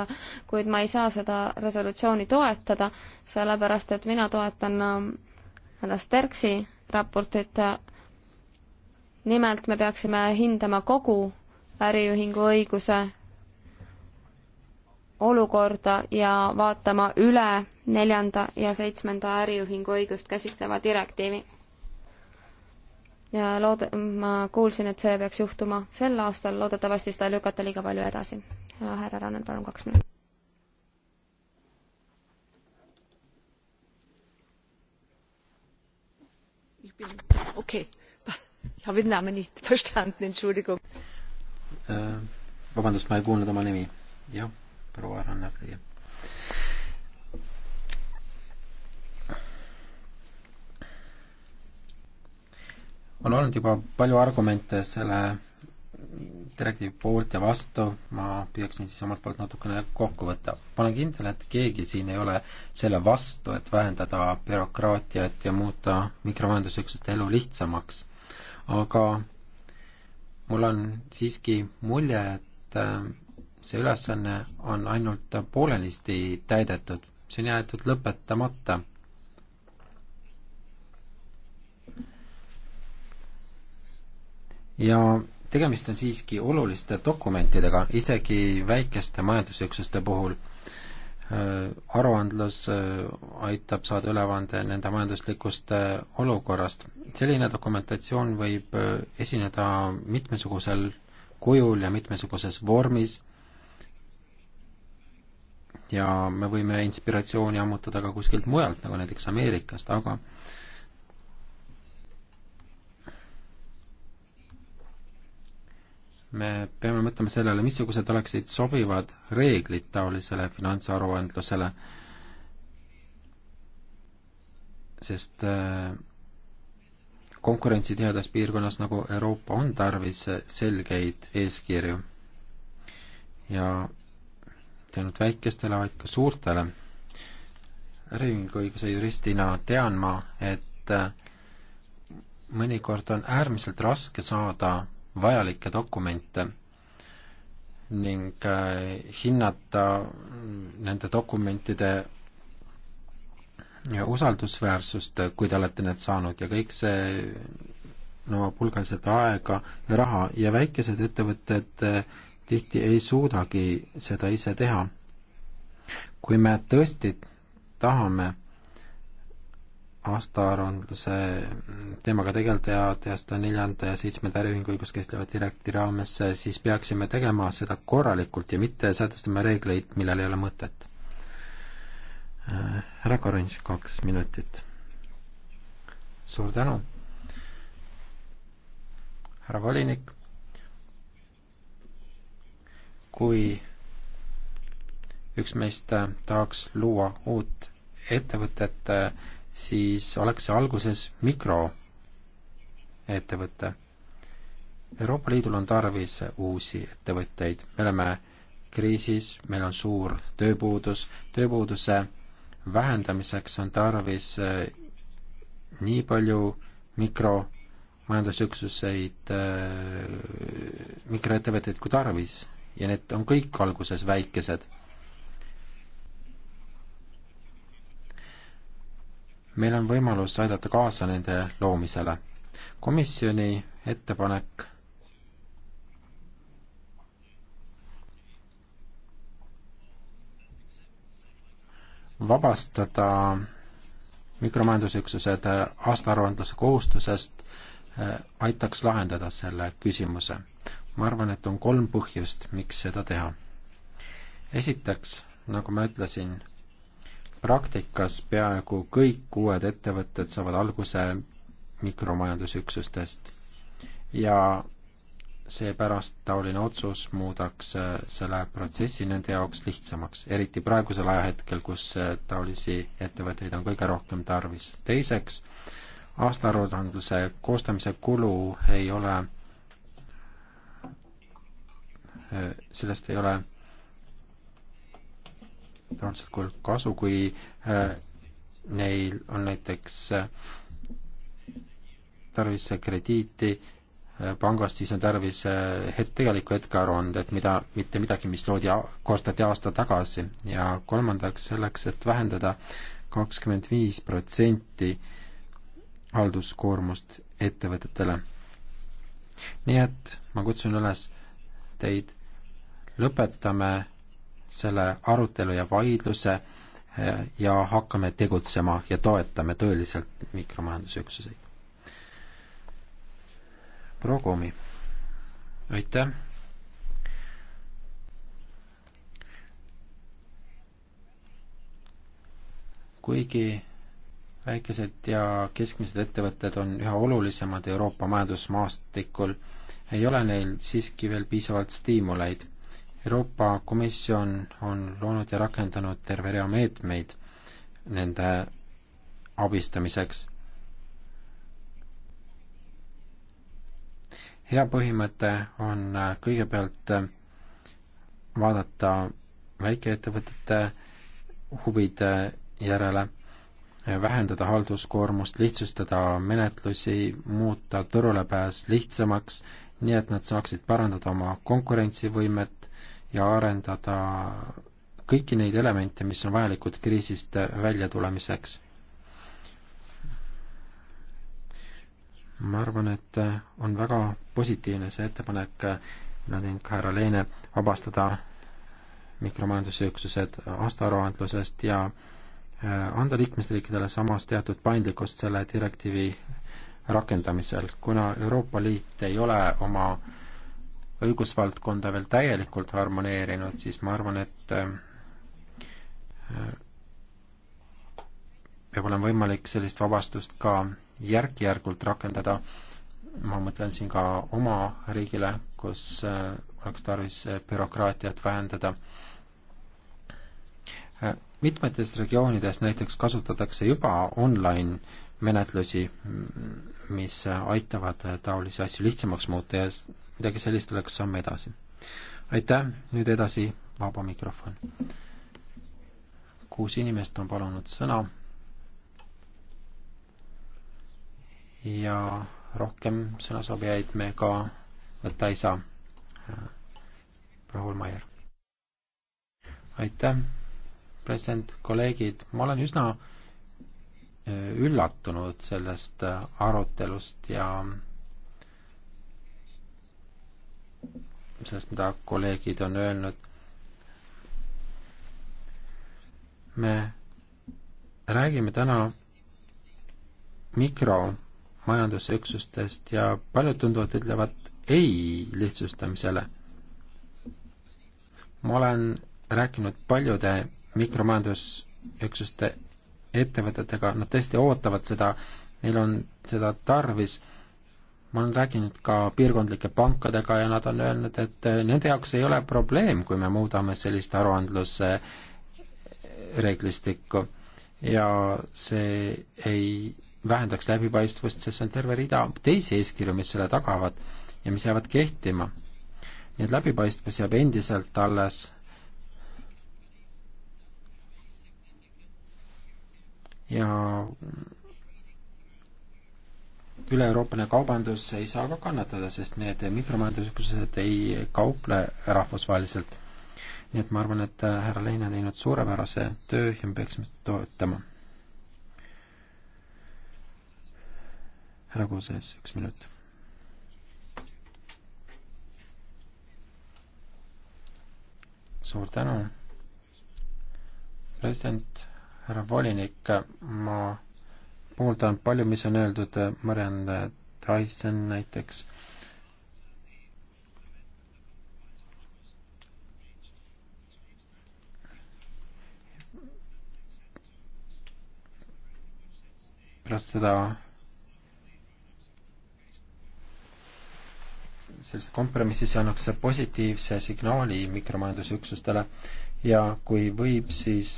B: kuid ma ei saa seda resolutsiooni toetada, sellepärast et mina toetan äh, härra Sterksi raportit. nimelt me peaksime hindama kogu äriühingu õiguse olukorda ja vaatama üle neljanda ja seitsmenda äriühingu õigust käsitleva direktiivi. ja lood-, ma kuulsin, et see peaks juhtuma sel aastal, loodetavasti seda ei lükata liiga palju edasi. härra Rannel, palun kaks minutit.
C: Okay. Ich habe den Namen nicht verstanden, Entschuldigung.
A: Äh, vabandust, ma ei kuulnud oma nimi. Jah proua Rannardi. on olnud juba palju argumente selle direktiivi poolt ja vastu, ma püüaksin siis omalt poolt natukene kokku võtta. ma olen kindel, et keegi siin ei ole selle vastu, et vähendada bürokraatiat ja muuta mikromajandusüksuste elu lihtsamaks. aga mul on siiski mulje, et äh, see ülesanne on ainult poolenisti täidetud, see on jäetud lõpetamata. ja tegemist on siiski oluliste dokumentidega, isegi väikeste majandusüksuste puhul. Äh, aruandlus äh, aitab saada ülevaande nende majanduslikust äh, olukorrast. selline dokumentatsioon võib esineda mitmesugusel kujul ja mitmesuguses vormis ja me võime inspiratsiooni ammutada ka kuskilt mujalt, nagu näiteks Ameerikast, aga me peame mõtlema sellele, missugused oleksid sobivad reeglid taolisele finantsaruandlusele, sest äh, konkurentsitihedas piirkonnas nagu Euroopa on tarvis selgeid eeskirju ja mitte ainult väikestele, vaid ka suurtele. äriühinguõiguse juristina tean ma, et äh, mõnikord on äärmiselt raske saada vajalikke dokumente ning äh, hinnata nende dokumentide äh, usaldusväärsust, kui te olete need saanud ja kõik see nõuab no, hulgaliselt aega ja raha ja väikesed ettevõtted tihti ei suudagi seda ise teha. kui me tõesti tahame aastaaruandluse teemaga tegeleda ja teha seda neljanda ja seitsmenda äriühingu õigust kestleva direktiivi raames, siis peaksime tegema seda korralikult ja mitte sätestama reegleid, millel ei ole mõtet. härra Karinš, kaks minutit. suur tänu. härra volinik kui üks meist tahaks luua uut ettevõtet, siis oleks see alguses mikroettevõte. Euroopa Liidul on tarvis uusi ettevõtteid, me oleme kriisis, meil on suur tööpuudus, tööpuuduse vähendamiseks on tarvis nii palju mikromajandusüksuseid, mikroettevõtteid kui tarvis ja need on kõik alguses väikesed. meil on võimalus aidata kaasa nende loomisele. komisjoni ettepanek vabastada mikromajandusüksused aastaaruandluse kohustusest eh, aitaks lahendada selle küsimuse ma arvan, et on kolm põhjust, miks seda teha. esiteks, nagu ma ütlesin, praktikas peaaegu kõik uued ettevõtted saavad alguse mikromajandusüksustest ja seepärast taoline otsus muudaks äh, selle protsessi nende jaoks lihtsamaks, eriti praegusel ajahetkel, kus äh, taolisi ettevõtteid on kõige rohkem tarvis. teiseks, aastaaruandluse koostamise kulu ei ole Äh, sellest ei ole transilt kujul kasu, kui äh, neil on näiteks äh, tarvis krediiti pangast, siis on tarvis het-, tegelikku hetkearuandet, mida, mitte midagi, mis loodi, koostati aasta tagasi ja kolmandaks selleks, et vähendada kakskümmend viis protsenti halduskoormust ettevõtetele. nii et ma kutsun üles teid lõpetame selle arutelu ja vaidluse eh, ja hakkame tegutsema ja toetame tõeliselt mikromajandusüksuseid. proua Komi, aitäh! kuigi väikesed ja keskmised ettevõtted on üha olulisemad Euroopa majandusmaastikul, ei ole neil siiski veel piisavalt stiimuleid Euroopa Komisjon on loonud ja rakendanud terve rea meetmeid nende abistamiseks. hea põhimõte on kõigepealt vaadata väikeettevõtete huvide järele, vähendada halduskoormust, lihtsustada menetlusi, muuta turulepääs lihtsamaks, nii et nad saaksid parandada oma konkurentsivõimet ja arendada kõiki neid elemente, mis on vajalikud kriisist väljatulemiseks. ma arvan, et on väga positiivne see ettepanek, mina nagu teen ka härra Leene, vabastada mikromajandusüksused aastaaruandlusest ja äh, anda liikmesriikidele samas teatud paindlikkust selle direktiivi rakendamisel, kuna Euroopa Liit ei ole oma äh, õigusvaldkonda veel täielikult harmoneerinud, siis ma arvan, et äh, peab olema võimalik sellist vabastust ka järk-järgult rakendada. ma mõtlen siin ka oma riigile, kus äh, oleks tarvis äh, bürokraatiat vähendada. mitmetes regioonides näiteks kasutatakse juba online menetlusi, mis aitavad taolisi asju lihtsamaks muuta ja midagi sellist oleks samm edasi. aitäh, nüüd edasi vaba mikrofon. kuus inimest on palunud sõna ja rohkem sõnasoovijaid me ka võtta ei saa. Rahul Maier. aitäh, president, kolleegid, ma olen üsna äh, üllatunud sellest äh, arutelust ja sellest, mida kolleegid on öelnud. me räägime täna mikromajandusüksustest ja paljud tunduvad ütlevat ei lihtsustamisele. ma olen rääkinud paljude mikromajandusüksuste ettevõtetega, nad tõesti ootavad seda, neil on seda tarvis ma olen rääkinud ka piirkondlike pankadega ja nad on öelnud, et äh, nende jaoks ei ole probleem, kui me muudame sellist aruandluse reeglistikku ja see ei vähendaks läbipaistvust, sest on terve rida teisi eeskirju, mis selle tagavad ja mis jäävad kehtima. nii et läbipaistvus jääb endiselt alles. ja üle-Euroopaline kaubandus ei saa ka kannatada, sest need mikromajandusüksused ei kauple rahvusvaheliselt. nii et ma arvan, et äh, härra Lein on teinud suurepärase töö ja me peaksime seda toetama. härra Kuuses, üks minut. suur tänu, president, härra volinik, ma pooldan palju, mis on öeldud äh, Marianne Tyson näiteks. pärast seda sellist kompromissi, see annaks positiivse signaali mikromajandusüksustele ja kui võib, siis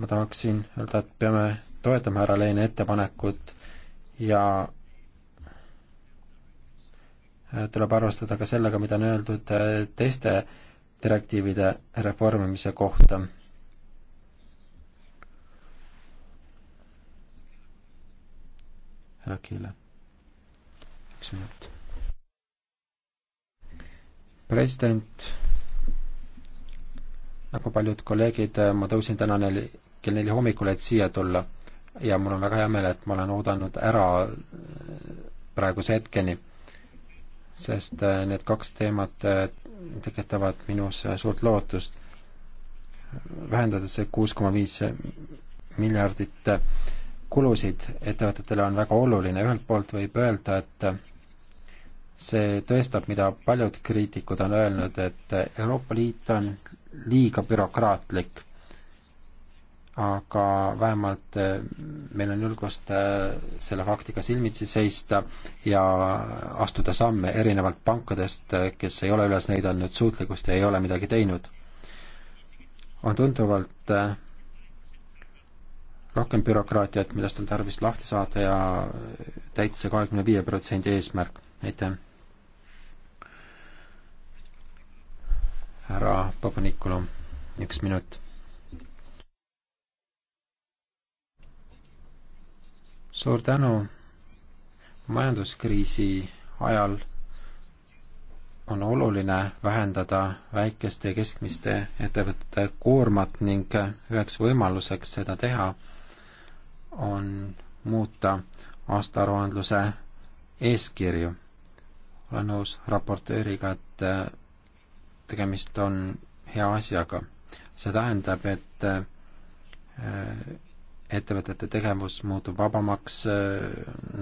A: ma tahaksin öelda, et peame toetama härra Leene ettepanekut ja äh, tuleb arvestada ka sellega, mida on öeldud äh, teiste direktiivide reformimise kohta. härra Kiile, üks minut. president, nagu paljud kolleegid, ma tõusin täna neli kell neli hommikul, et siia tulla ja mul on väga hea meel, et ma olen oodanud ära äh, praeguse hetkeni, sest äh, need kaks teemat äh, tekitavad minus suurt lootust, vähendades see kuus koma viis miljardit kulusid ettevõtetele on väga oluline, ühelt poolt võib öelda, et see tõestab, mida paljud kriitikud on öelnud, et Euroopa Liit on liiga bürokraatlik aga vähemalt eh, meil on julgust eh, selle faktiga silmitsi seista ja astuda samme erinevalt pankadest, eh, kes ei ole üles näidanud suutlikkust ja ei ole midagi teinud. on tunduvalt rohkem bürokraatiat, millest on tarvis lahti saada ja täita see kahekümne viie protsendi eesmärk, aitäh. härra Papanikulu, üks minut suur tänu. majanduskriisi ajal on oluline vähendada väikeste ja keskmiste ettevõtete koormat ning üheks võimaluseks seda teha on muuta aastaaruandluse eeskirju. olen nõus raportööriga, et äh, tegemist on hea asjaga. see tähendab, et äh, ettevõtete tegevus muutub vabamaks,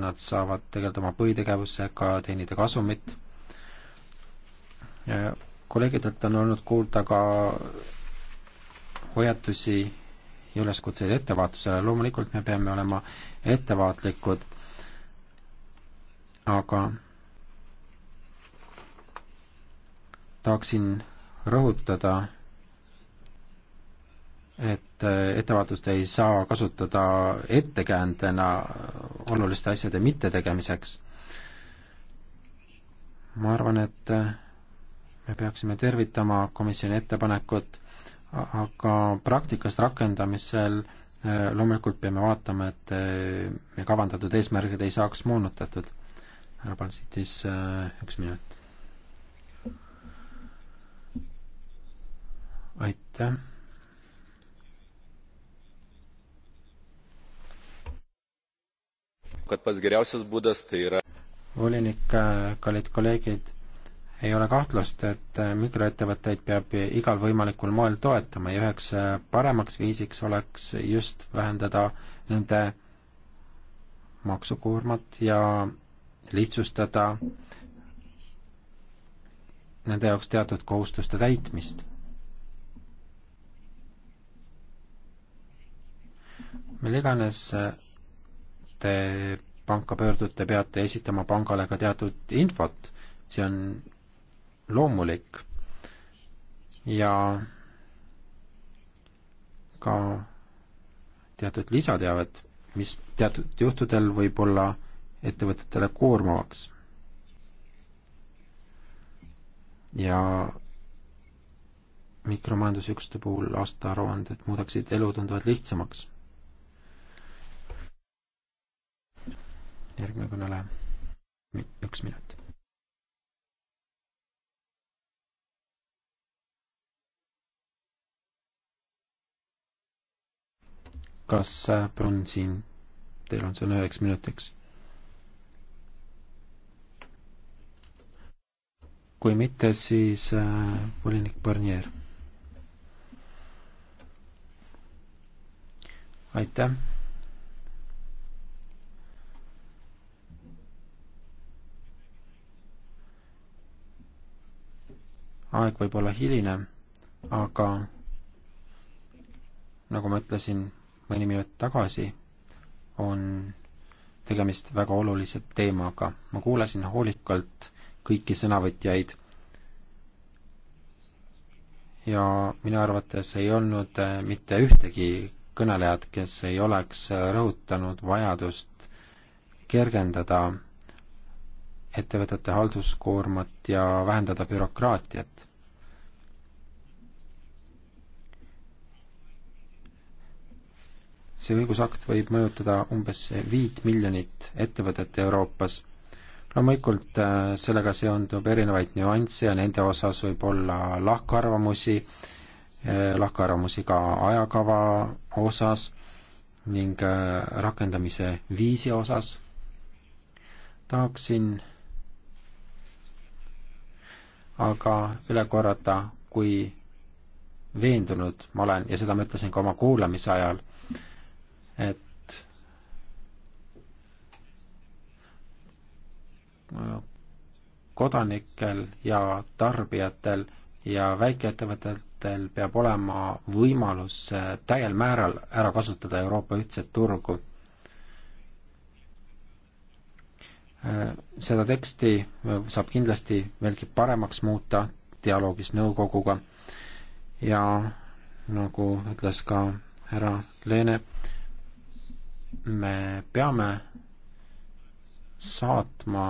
A: nad saavad tegeleda oma põhitegevusega, teenida kasumit. kolleegidelt on olnud kuulda ka hoiatusi ja üleskutseid ettevaatusele, loomulikult me peame olema ettevaatlikud, aga tahaksin rõhutada, et ettevaatust ei saa kasutada ettekäändena oluliste asjade mittetegemiseks. ma arvan, et me peaksime tervitama komisjoni ettepanekut, aga praktikas rakendamisel loomulikult peame vaatama, et meie kavandatud eesmärgid ei saaks moonutatud. härra Palsitis, üks minut. aitäh kad pats geriausias būdas tai yra volinik, äh, kallid kolleegid, ei ole kahtlust, et äh, mikroettevõtteid peab igal võimalikul moel toetama ja üheks äh, paremaks viisiks oleks just vähendada nende maksukoormat ja lihtsustada nende jaoks teatud kohustuste täitmist. mil iganes te panka pöördute, peate esitama pangale ka teatud infot, see on loomulik. ja ka teatud lisateavet, mis teatud juhtudel võib olla ettevõtetele koormavaks. ja mikromajandusüksuste puhul aastaaruanded muudaksid elu tunduvalt lihtsamaks järgmine kõneleja, üks minut. kas Brun äh, siin, teil on sõna üheks minutiks? kui mitte, siis äh, volinik äh, Barnier. aitäh aeg võib olla hiline, aga nagu ma ütlesin mõni minut tagasi, on tegemist väga olulise teemaga. ma kuulasin hoolikalt kõiki sõnavõtjaid ja minu arvates ei olnud äh, mitte ühtegi kõnelejat, kes ei oleks äh, rõhutanud vajadust kergendada ettevõtete halduskoormat ja vähendada bürokraatiat. see õigusakt võib mõjutada umbes viit miljonit ettevõtet Euroopas. loomulikult äh, sellega seondub erinevaid nüansse ja nende osas võib olla lahkarvamusi, äh, lahkarvamusi ka ajakava osas ning äh, rakendamise viisi osas. tahaksin aga üle korrata, kui veendunud ma olen ja seda ma ütlesin ka oma kuulamise ajal, et kodanikel ja tarbijatel ja väikeettevõtetel peab olema võimalus täiel määral ära kasutada Euroopa ühtset turgu Äh, seda teksti äh, saab kindlasti veelgi paremaks muuta dialoogis nõukoguga ja nagu ütles ka härra Leene, me peame saatma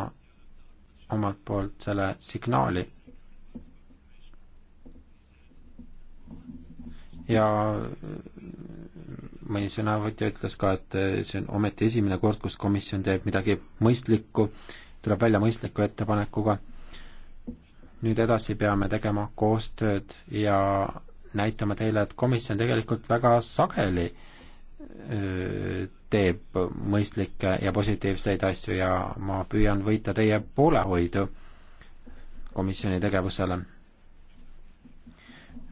A: omalt poolt selle signaali. ja mõni sõnavõtja ütles ka, et eh, see on ometi esimene kord, kus komisjon teeb midagi mõistlikku, tuleb välja mõistliku ettepanekuga. nüüd edasi peame tegema koostööd ja näitama teile, et komisjon tegelikult väga sageli eh, teeb mõistlikke ja positiivseid asju ja ma püüan võita teie poolehoidu komisjoni tegevusele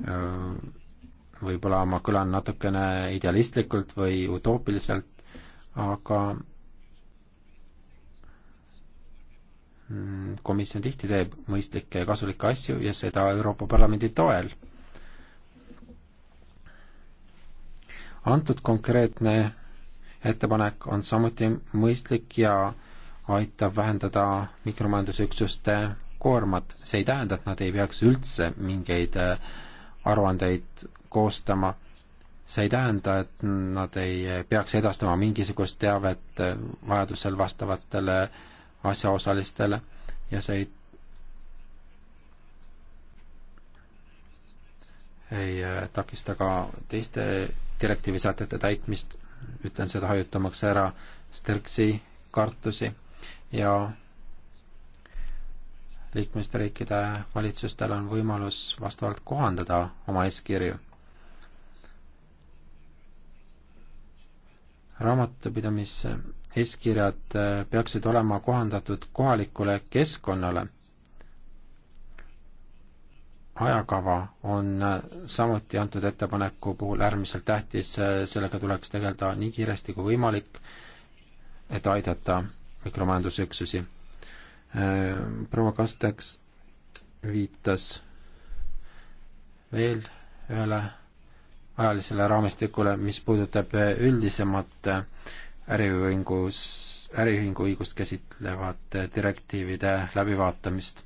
A: eh, võib-olla ma kõlan natukene idealistlikult või utoopiliselt, aga mm, komisjon tihti teeb mõistlikke ja kasulikke asju ja seda Euroopa Parlamendi toel. antud konkreetne ettepanek on samuti mõistlik ja aitab vähendada mikromajandusüksuste koormat. see ei tähenda, et nad ei peaks üldse mingeid äh, aruandeid koostama. see ei tähenda, et nad ei peaks edastama mingisugust teavet eh, vajadusel vastavatele asjaosalistele ja see ei ei eh, takista ka teiste direktiivi sätete täitmist, ütlen seda hajutamaks ära Sterksi kartusi ja liikmesriikide valitsustel on võimalus vastavalt kohandada oma eeskirju. raamatupidamise eeskirjad äh, peaksid olema kohandatud kohalikule keskkonnale. ajakava on äh, samuti antud ettepaneku puhul äärmiselt tähtis, äh, sellega tuleks tegeleda nii kiiresti kui võimalik, et aidata mikromajandusüksusi. proua Kasteks viitas veel ühele ajalisele raamistikule, mis puudutab üldisemat äh, äriühingus, äriühingu õigust käsitlevate äh, direktiivide läbivaatamist.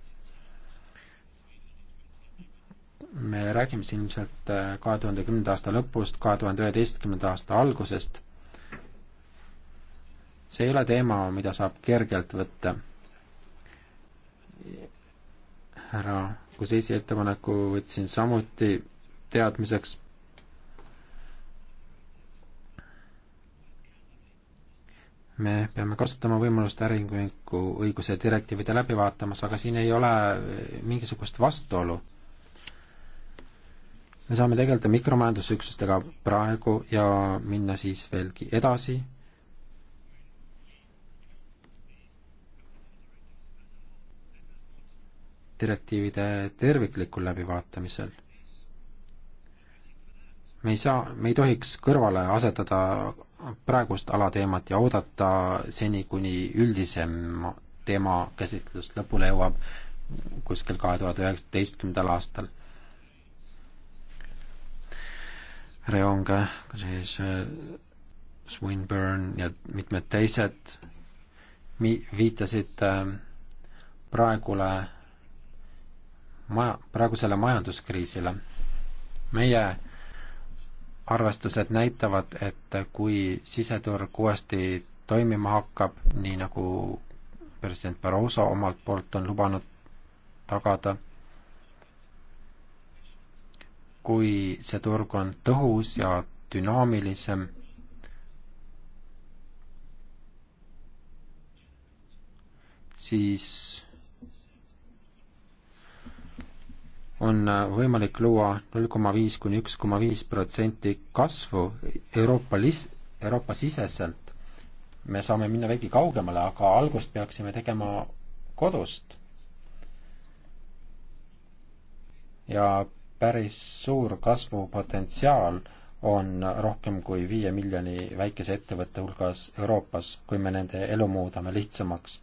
A: me räägime siin ilmselt äh, kahe tuhande kümnenda aasta lõpust, kahe tuhande üheteistkümnenda aasta algusest. see ei ole teema, mida saab kergelt võtta. härra Kuseisi ettepaneku võtsin samuti teadmiseks me peame kasutama võimalust äriühingu õiguse direktiivide läbi vaatamas, aga siin ei ole mingisugust vastuolu. me saame tegeleda mikromajandusüksustega praegu ja minna siis veelgi edasi. direktiivide terviklikul läbivaatamisel me ei saa, me ei tohiks kõrvale asetada praegust alateemat ja oodata seni, kuni üldisem teema käsitlus lõpule jõuab kuskil kahe tuhande üheksateistkümnendal aastal. Reonge, siis äh, Swinburne ja mitmed teised mi-, viitasid äh, praegule maja, praegusele majanduskriisile. meie arvestused näitavad, et kui siseturg uuesti toimima hakkab, nii nagu president Barroso omalt poolt on lubanud tagada, kui see turg on tõhus ja dünaamilisem, siis on äh, võimalik luua null koma viis kuni üks koma viis protsenti kasvu Euroopa lis-, Euroopa siseselt, me saame minna veidi kaugemale, aga algust peaksime tegema kodust. ja päris suur kasvupotentsiaal on rohkem kui viie miljoni väikese ettevõtte hulgas Euroopas, kui me nende elu muudame lihtsamaks.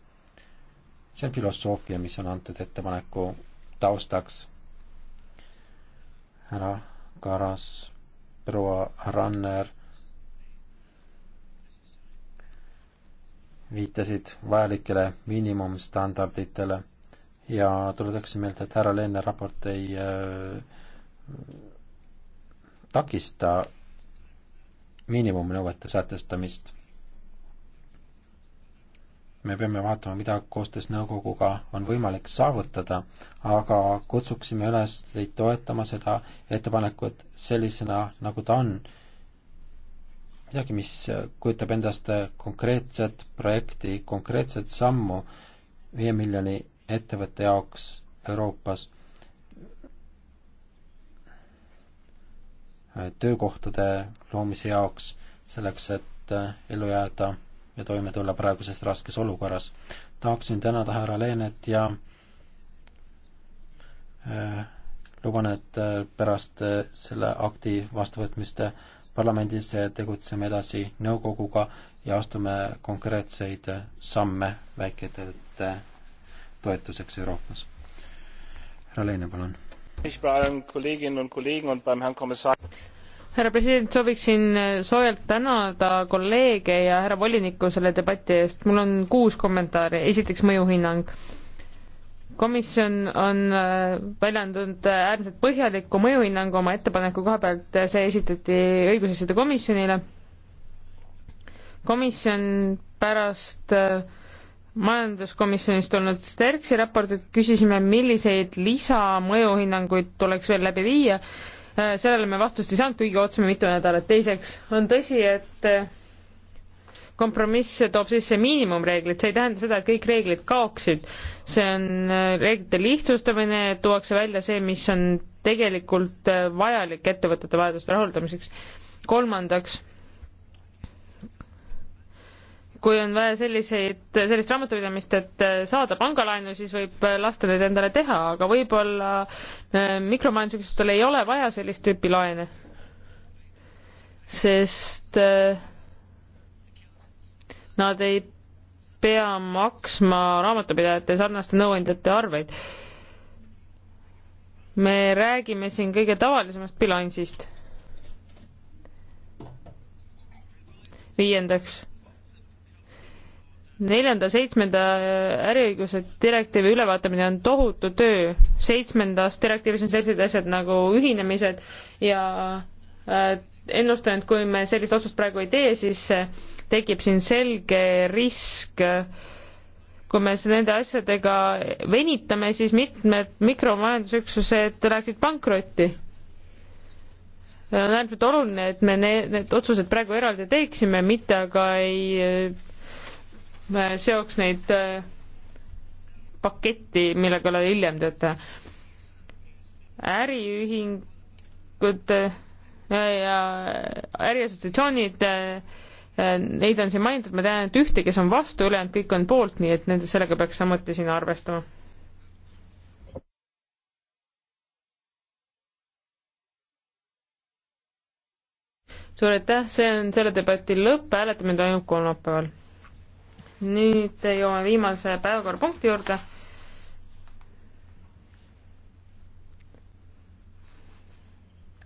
A: see on filosoofia, mis on antud ettepaneku taustaks härra Karas, proua Ranner viitasid vajalikele miinimumstandarditele ja tuletaksin meelde, et härra Leene raport ei äh, takista miinimumnõuete sätestamist me peame vaatama, mida koostöös nõukoguga on võimalik saavutada, aga kutsuksime üles teid toetama seda ettepanekut sellisena, nagu ta on. midagi, mis kujutab endast konkreetset projekti, konkreetset sammu viie miljoni ettevõtte jaoks Euroopas. töökohtade loomise jaoks, selleks, et ellu jääda ja toime tulla praeguses raskes olukorras. tahaksin tänada härra Leenet ja äh, luban, et äh, pärast äh, selle akti vastuvõtmist äh, parlamendis äh, tegutseme edasi nõukoguga ja astume konkreetseid äh, samme väikeettevõtete toetuseks Euroopas. härra Leine, palun
C: härra president, sooviksin äh, soojalt tänada kolleege ja härra volinikku selle debati eest. mul on kuus kommentaari. esiteks mõjuhinnang. komisjon on äh, väljendanud äh, äärmiselt põhjaliku mõjuhinnangu oma ettepaneku koha pealt, see esitati õigusasjade komisjonile. komisjon pärast majanduskomisjonist olnud Sterksi raportit küsisime, milliseid lisamõjuhinnanguid tuleks veel läbi viia Äh, sellele me vastust ei saanud, kuigi ootasime mitu nädalat. teiseks on tõsi, et äh, kompromiss toob sisse miinimumreeglid, see ei tähenda seda, et kõik reeglid kaoksid. see on äh, reeglite lihtsustamine, tuuakse välja see, mis on tegelikult vajalik ettevõtete vajaduste rahuldamiseks. kolmandaks kui on vaja selliseid, sellist raamatupidamist, et äh, saada pangalaenu, siis võib äh, lasta neid endale teha, aga võib-olla äh, mikromajandusüksustel ei ole vaja sellist tüüpi laene. sest nad ei pea maksma raamatupidajate sarnaste nõuandjate arveid. me räägime siin kõige tavalisemast bilansist. viiendaks neljanda, seitsmenda äriõiguse direktiivi ülevaatamine on tohutu töö. seitsmendas direktiivis on sellised asjad nagu ühinemised ja äh, ennustan, et kui me sellist otsust praegu ei tee, siis äh, tekib siin selge risk, äh, kui me nende asjadega venitame, siis mitmed mikromajandusüksused läheksid pankrotti on äärmiselt oluline, et me need, need otsused praegu eraldi teeksime, mitte aga ei seoks neid äh, paketti, mille kallal hiljem töötada. äriühingud äh, ja äriassotsiatsioonid, äh, neid on siin mainitud, ma tean, et ühte, kes on vastu, ülejäänud kõik on poolt, nii et nende, sellega peaks samuti siin arvestama suur aitäh, see on selle debati lõpp, hääletamine toimub kolmapäeval nüüd jõuame viimase päevakorrapunkti juurde.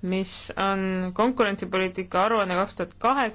C: mis on konkurentsipoliitika aruanne kaks tuhat kaheksa.